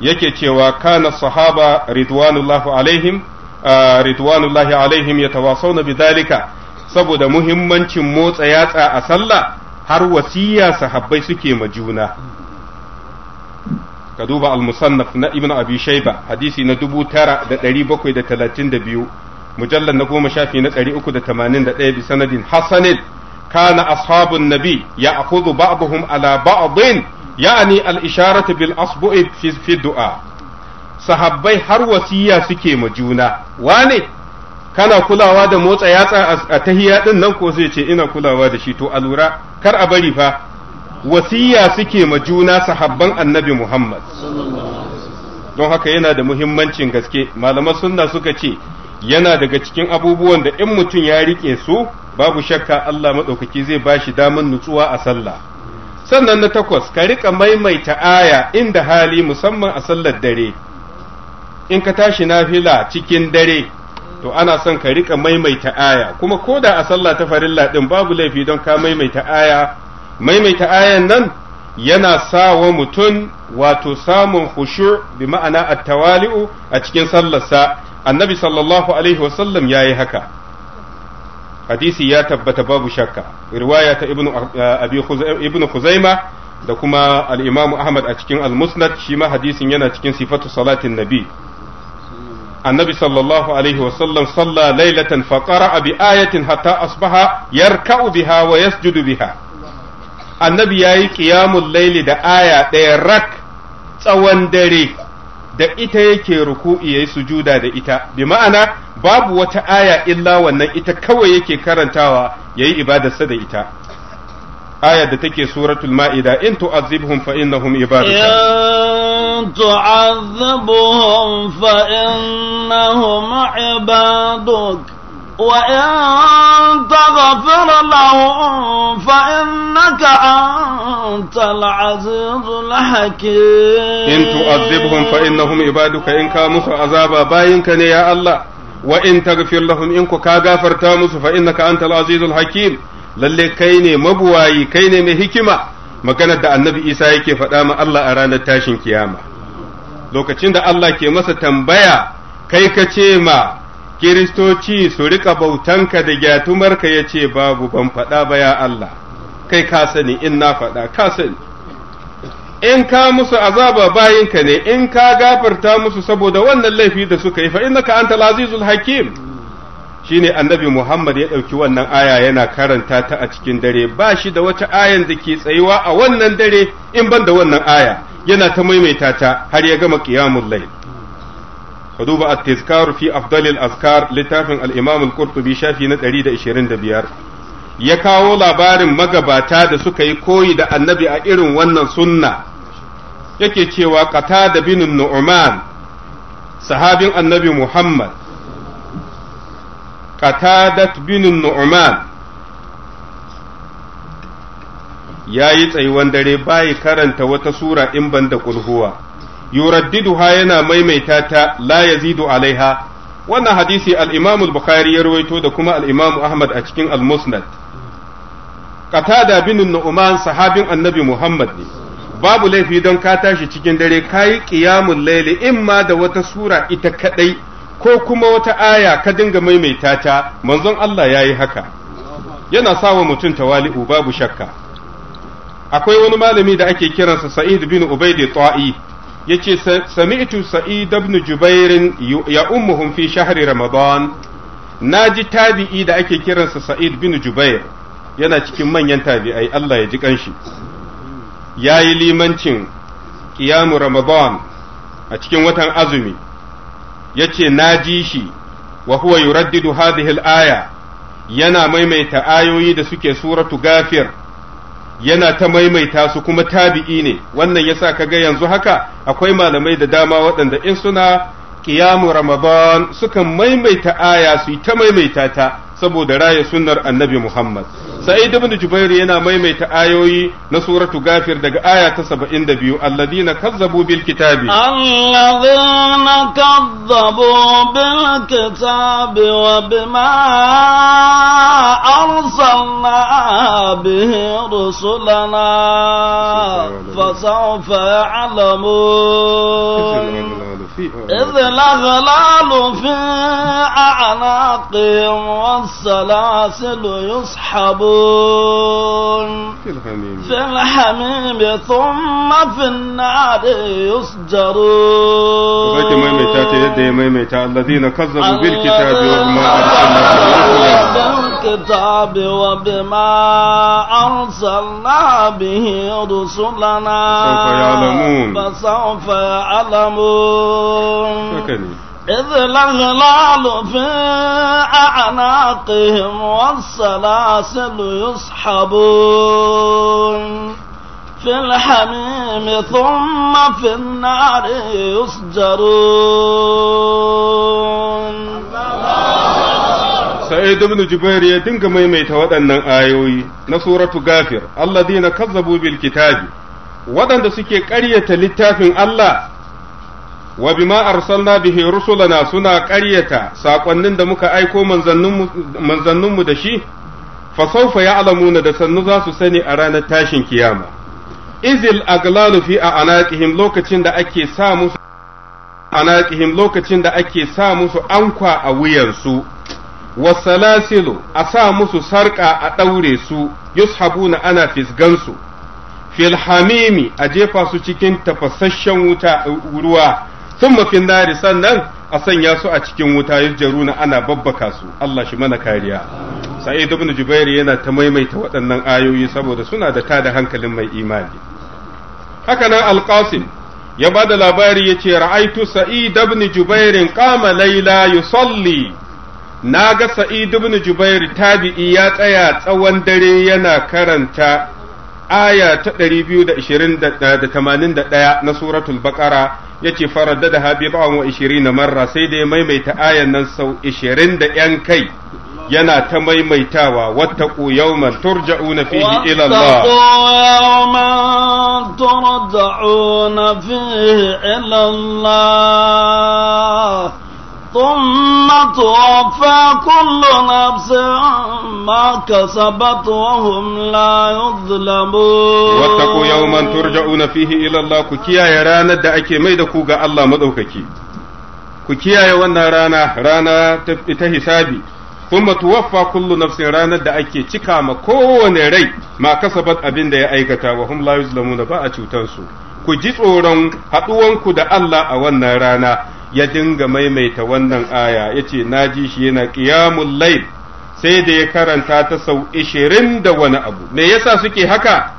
A: yake cewa kana sahaba ridwanullahi alaihim ridwanullahi alaihim na bidhalika saboda muhimmancin motsa yatsa a sallah har wasiya sahabbai suke ma juna ka duba al-musannaf na ibnu abi shayba hadisi na 9732 mujallal na goma shafi na 381 bi sanadin hasanin kana ashabun nabi ya'khudhu ba'dhum ala ba'd ya'ani al-isharatu bil asbu'i fi du'a sahabbai har wasiya suke ma juna wane kana kulawa da motsa yatsa a tahiya din nan ko zai ce ina kulawa da shi to alura kar a bari fa wasiya suke ma juna sahabban annabi Muhammad don haka yana da muhimmancin gaske malaman sunna suka ce yana daga cikin abubuwan da in mutum ya rike su babu shakka Allah maɗaukaki zai ba shi daman nutsuwa a sallah sannan na takwas ka rika maimaita aya inda hali musamman a sallar dare in ka tashi nafila cikin dare to ana son ka rika maimaita aya kuma ko da a sallah ta farilla din babu laifi don ka maimaita aya maimaita ayan nan yana sa wa mutum wato samun khushu bi ma'ana at-tawali'u a cikin sallarsa annabi sallallahu alaihi wasallam yayi haka hadisi ya tabbata babu shakka riwaya ta ibnu eh, abi ibnu khuzaima da kuma al-imamu ahmad a cikin al-musnad shi ma hadisin yana cikin sifatu salatin nabi annabi sallallahu alaihi wasallam salla lailatan faƙara a bi ayatin hatta asbaha yarka'u biha wa yasjudu biha annabi yayi ƙiyamun laili da aya ɗaya rak tsawon dare da ita yake ruku'i yayi sujuda da ita bi ma'ana babu wata aya illa wannan ita kawai yake karantawa yayi ibadarsa da ita ayar da take suratul ma'ida in tu'azzibhum fa innahum ibaduka
C: in tu'azzibhum fa innahum ibaduka وإن تغفر لهم فإنك أنت العزيز الحكيم إن تعذبهم فإنهم
A: عبادك إن كاموس عذابا باينك يا الله وإن تغفر لهم إنك كاغافر تاموس فإنك أنت العزيز الحكيم lalle kai ne mabuwayi kai ne mai hikima maganar da annabi isa yake faɗa ma Allah a ranar tashin kiyama lokacin da Allah ke masa tambaya kai ka ce ma kiristoci su rika bautanka da gyatumarka ya ce babu ban faɗa ba ya Allah kai ka sani in na faɗa ka sani in ka musu azaba bayinka ne in ka gafarta musu saboda wannan laifi da suka yi fa innaka hakim shine annabi Muhammad ya ɗauki wannan aya yana karanta ta a cikin dare ba shi da wata ayan da ke tsayuwa a wannan dare in ban da wannan aya yana ta maimaita ta har ya gama qiyamul layl ka duba at-tizkar fi afdalil azkar littafin al-imam al-qurtubi shafi na 125 ya kawo labarin magabata da suka yi koyi da annabi a irin wannan sunna yake cewa qatada bin nu'man sahabin annabi Muhammad qatadat bin nu'man yayi tsayuwan dare baya karanta wata sura in ban da kulhuwa yuraddiduha yana maimaita ta la yazidu alaiha wannan hadisi al-imam al-bukhari ya rawaito da kuma al-imam ahmad a cikin al-musnad qatada bin nu'man sahabin annabi muhammad ne babu laifi don ka tashi cikin dare ka yi ƙiyamun laili in ma da wata sura ita kaɗai ko kuma wata aya ka dinga maimaita ta manzon Allah ya yi haka yana sawa mutum tawali'u babu shakka akwai wani malami da ake kiransa sa'id bin ubaidi ta'i yace sami'tu sa'id ibn jubair ya ummuhum fi shahri ramadan naji tabi'i da ake kiransa sa'id bin jubair yana cikin manyan tabi'ai Allah ya ji kanshi yayi limancin qiyamu ramadan a cikin watan azumi yace na ji shi wa huwa yuraddidu hadhihi al-aya yana maimaita ayoyi da suke suratu gafir yana ta maimaita su kuma tabi'i ne wannan yasa kaga yanzu haka akwai malamai da dama waɗanda in suna qiyamu ramadan sukan maimaita aya su ta maimaita ta saboda raya sunnar annabi Muhammad سعيد بن جبير ينا ميميت آيوي نصورة غافر دق آية تسبع عند بيو الذين كذبوا بالكتاب
C: الذين كذبوا بالكتاب وبما أرسلنا به رسلنا فسوف يعلمون إذ الأغلال في أعناقهم والسلاسل يسحبون يعملون في الحميم في
B: الحميم
C: ثم في النار يسجرون
A: وبيت ميميتا الذين كذبوا بالكتاب وبما
C: بالكتاب وبما أرسلنا به رسلنا فسوف يعلمون فسوف يعلمون إذ الأغلال في أعناقهم والسلاسل يسحبون في الحميم ثم في النار يسجرون
A: سيد بن جبير يدنك ميميت ودن آيوي نصورة غافر الذين كذبوا بالكتاب ودن سكي قرية للتافن الله wa bima arsalna bihi rusulana suna ƙaryata saƙonnin da muka aiko manzanninmu da shi fa sawfa ya'lamuna da sannu za su sani a ranar tashin kiyama izil aglalu fi a anaqihim lokacin da ake sa musu anaqihim lokacin da ake sa musu ankwa a wuyansu wasalasilu a sa musu sarƙa a ɗaure su yushabuna ana fisgansu fil hamimi a jefa su cikin tafasasshen wuta ruwa thumma fi nari sannan a sanya su a cikin wuta na ana babbaka su Allah shi mana kariya sa'id ibn jubair yana ta maimaita waɗannan ayoyi saboda suna da tada hankalin mai imani haka nan alqasim ya ba da labari ya ce ra'aitu sa'id ibn jubairin qama laila yusalli na ga sa'id ibn jubair tabi'i ya tsaya tsawon dare yana karanta aya ta 281 na suratul baqara yace faradda da habi ba'an wa 20 marra sai da ya maimaita ayan nan sau 20 da yan kai yana ta maimaitawa wattaqu yawman turja'una fihi ila Allah
C: yawman turja'una fihi ila ثم توفى كل نفس ما كسبت وهم لا يظلمون واتقوا
A: يوما ترجعون فيه الى الله كيا يا رانا دا اكي ميدا كو غا الله مدوكاكي ku kiyaye wannan rana rana ita hisabi kuma tuwaffa kullu nafsi ranar da ake cika ma kowane rai ma kasabat abin da ya aikata wa hum la yuzlamuna ba a cutansu ku ji tsoron haɗuwanku da Allah a wannan rana ya dinga maimaita wannan aya ya ce na ji shi yana ƙiyamun layl sai da ya karanta ta sau ishirin da wani abu me yasa suke haka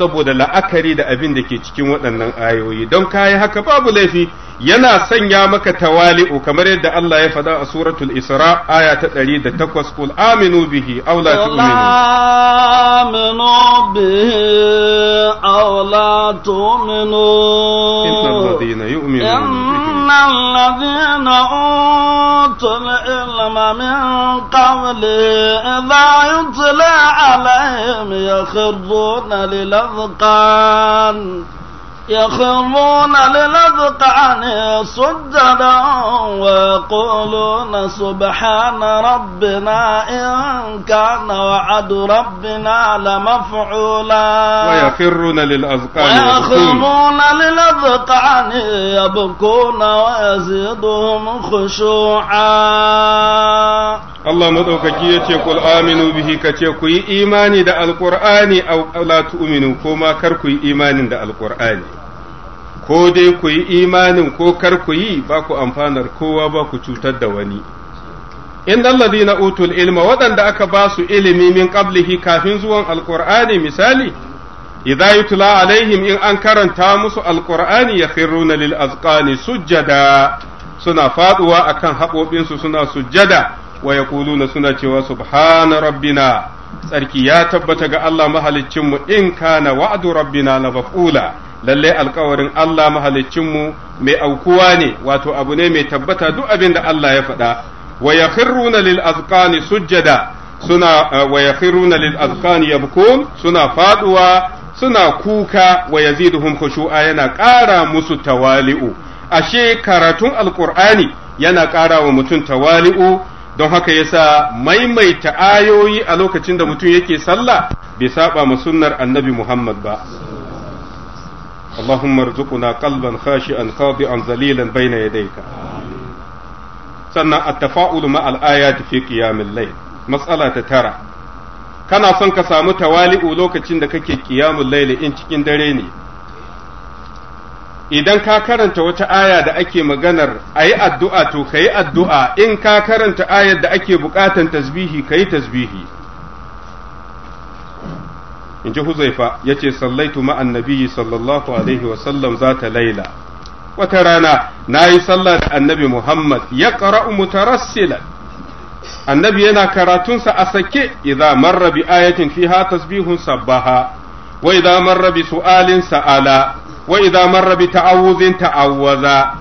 A: saboda la'akari da abin da ke cikin waɗannan ayoyi don kayi haka babu laifi yana sanya maka tawali'u kamar yadda Allah ya faɗa a suratul Isra aya ta 108 kul aminu bihi aw la tu'minu
C: aminu bihi aw la tu'minu innal ladina yu'minuna innal ladina utul ilma min qabli idha yutla alaihim افغان يخرون للأذقان سجدا ويقولون سبحان ربنا إن كان وعد ربنا لمفعولا
A: ويخرون للأذقان ويخرون
C: للأذقان يبكون ويزيدهم خشوعا
A: Allah maɗaukaki ya ce kul aminu bihi ka ce ku yi imani da alƙur'ani aw la tu'minu ko ma kar ku yi imanin da alƙur'ani ko dai ku yi imanin ko kar ku yi ba ku amfanar kowa ba ku cutar da wani in na utul ilma waɗanda aka ba su ilimi min qablihi kafin zuwan Alƙur'ani, misali idza yutla alaihim in an karanta musu ya yakhruna lil azqani sujjada suna faɗuwa akan haƙoɓinsu suna sujjada wa yaquluna suna cewa subhana rabbina tsarki ya tabbata ga Allah mahaliccinmu in kana wa'adu rabbina na maf'ula lalle alkawarin Allah mahaliccinmu mai aukuwa ne wato abu ne mai tabbata duk abin da Allah ya faɗa wa ya lil azqani sujjada suna eh, wa lil azqani yabkun suna faduwa suna kuka wa yaziduhum khushu'a yana ƙara musu tawali'u ashe karatun alqur'ani yana ƙara wa mutum tawali'u don haka yasa maimaita ayoyi a lokacin da mutum yake sallah bai saba ma sunnar annabi Muhammad ba اللهم ارزقنا قلبا خاشعا خاضعا ذليلا بين يديك sannan التفاؤل مع الآيات في قيام الليل ta tara. kana son ka samu tawali'u lokacin da kake qiyamul layli in cikin dare ne idan ka karanta wata aya da ake maganar a yi addu'a to ka yi addu'a in ka karanta ayar da ake bukatan tasbihi ka yi tasbihi in ji huzaifa ya ce sallaitu ma'an nabiyyi sallallahu alaihi wasallam za ta laila wata rana na yi sallah da annabi muhammad ya ƙara'u mutarassila annabi yana karatunsa a sake idan marrabi bi ayatin fiha tasbihun sabbaha wa idza rabi bi su'alin sa'ala wa idza marra bi ta'awuzin ta'awwaza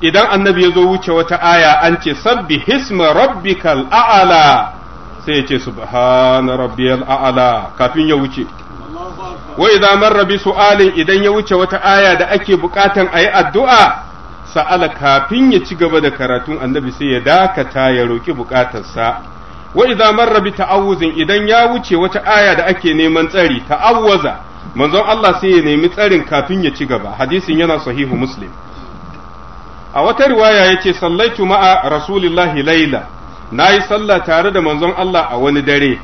A: idan annabi yazo zo wuce wata aya an ce sabbi hisma rabbikal a'ala sai ya ce subhana rabbiyal a'ala kafin ya wuce wa idza marra bi su'alin idan ya wuce wata aya da ake bukatan ayi addu'a sa'ala kafin ya ci gaba da karatun annabi sai ya dakata ya roki bukatarsa wa idza marra bi ta'awuzin idan ya wuce wata aya da ake neman tsari ta'awwaza manzon Allah sai ya nemi tsarin kafin ya ci gaba hadisin yana sahihu muslim a wata riwaya ce sallaitu ma'a rasulillahi laila nayi sallah tare da manzon Allah a wani dare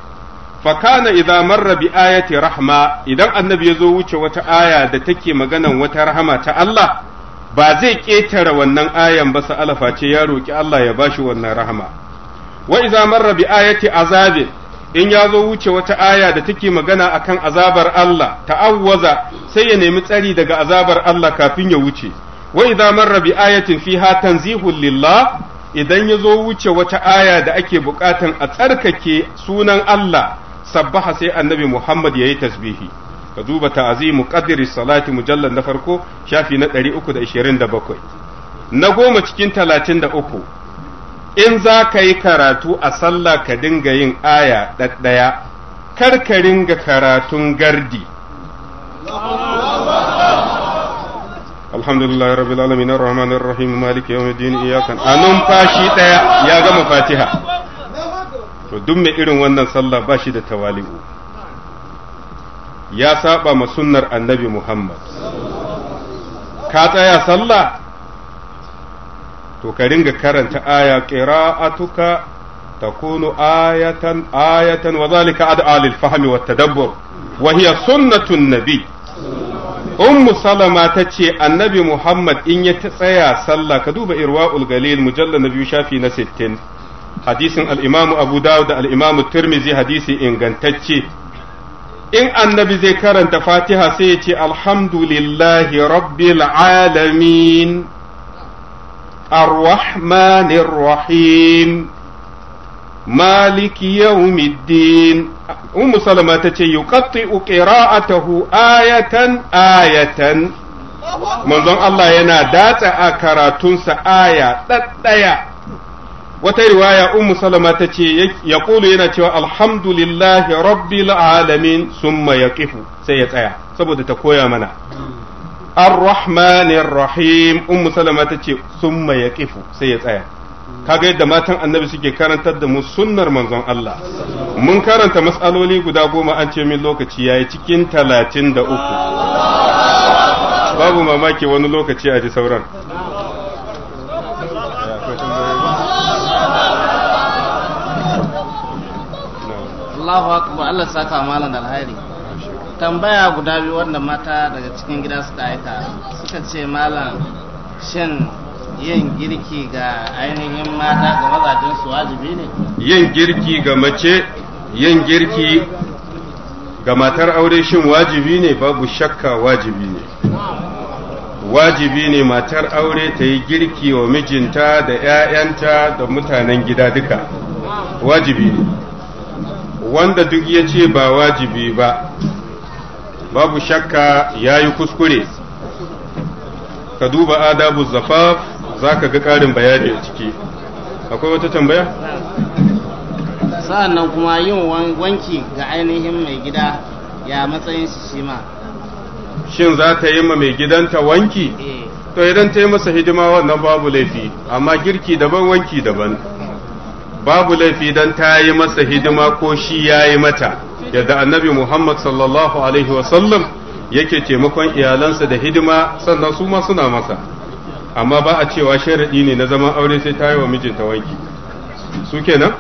A: Fakana kana idza marra bi ayati rahma idan annabi ya zo wuce wata aya da take maganan wata rahama ta Allah ba zai ƙetare wannan ayan ba sa'alafa ce ya roki Allah ya bashi wannan rahama wa idza marra bi ayati azabin in ya zo wuce wata aya da take magana akan azabar Allah ta'awwaza sai ya nemi tsari daga azabar Allah kafin ya wuce wa idza marra bi ayatin fiha tanzihul lillah idan ya zo wuce wata aya da ake bukatan a tsarkake sunan Allah sabbaha sai annabi Muhammad yayi tasbihi ka duba ta'azimu qadri salati mujallal na farko shafi na 327 na goma cikin talatin da uku. in za ka yi karatu a sallah ka dinga yin aya ɗaɗɗaya kar ka ringa karatun gardi alhamdulillah rabbil alamin arrahmanir rahim maliki yawmiddin iyyakan a numfashi ɗaya ya gama fatiha to duk mai irin wannan sallah ba shi da tawali'u ya saba ma sunnar annabi muhammad ka tsaya sallah to ka ringa karanta aya qira'atuka takunu ayatan ayatan wa zalika ad'a lil fahmi wat tadabbur wa hiya sunnatun nabi ummu salama ta ce annabi muhammad in ya tsaya sallah ka duba irwa'ul galil mujallar na biyu shafi na sittin hadisin al abu dawud da al-imamu tirmizi hadisi ingantacce in annabi zai karanta fatiha sai ya ce alhamdulillahi rabbil alamin الرحمن الرحيم مالك يوم الدين أم سلمة تتي يقطئ قراءته آية آية manzon Allah yana datsa a karatunsa aya ɗaɗɗaya wata riwaya ummu salama ta ce ya yana cewa alhamdulillahi rabbil alamin summa ya sai ya tsaya saboda ta koya mana ar-rahmanir rahim ummu salama tace summa yaqifu sai ya tsaya kaga yadda matan annabi suke karantar da mu sunnar manzon Allah mun karanta matsaloli guda goma an ce min lokaci yayi cikin talatin da uku babu mamaki wani lokaci a ji sauran
C: Allahu akbar Allah saka malam alhairi tambaya guda biyu wanda mata daga cikin gida suka aika suka ce malam shin yin girki ga ainihin mata ga mazajen su wajibi ne
A: yin girki ga mace yin girki ga matar aure shin wajibi ne babu shakka wajibi ne wajibi ne matar aure ta yi girki wa mijinta da 'ya'yanta da mutanen gida duka wajibi ne wanda duk ya ce ba wajibi ba babu shakka ya yi kuskure ka duba adabu zafaf za ka ga ƙarin bayani a ciki akwai wata tambaya?
C: sa'an nan kuma yin wanki ga ainihin mai gida ya matsayin shi shi ma
A: shin za ta yi ma mai gidanta wanki? Eh. to idan ta yi masa hidima wannan babu laifi amma girki daban wanki daban babu laifi don ta yi masa hidima ko shi ya yi mata yadda annabi Muhammad sallallahu alaihi wasallam yake taimakon iyalansa da hidima sannan su ma suna masa amma ba a cewa sharaɗi ne na zaman aure sai ta yi wa mijinta wanki su kenan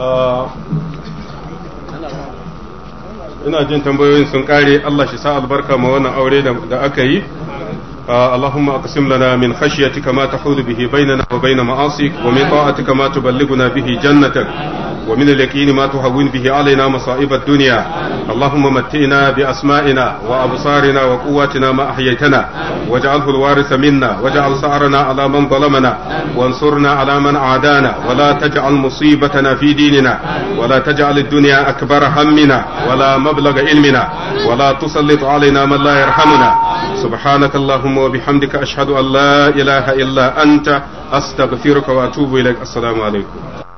A: ah, ina jin tambayoyin sun kare Allah shi sa albarka ma wannan aure da aka yi اللهم اقسم لنا من خشيتك ما تحول به بيننا وبين معاصيك ومن طاعتك ما تبلغنا به جنتك ومن اليقين ما تهون به علينا مصائب الدنيا اللهم متئنا بأسمائنا وأبصارنا وقواتنا ما أحييتنا واجعله الوارث منا واجعل سعرنا على من ظلمنا وانصرنا على من عادانا ولا تجعل مصيبتنا في ديننا ولا تجعل الدنيا أكبر همنا ولا مبلغ علمنا ولا تسلط علينا من لا يرحمنا سبحانك اللهم اللهم وبحمدك أشهد أن لا إله إلا أنت أستغفرك وأتوب إليك السلام عليكم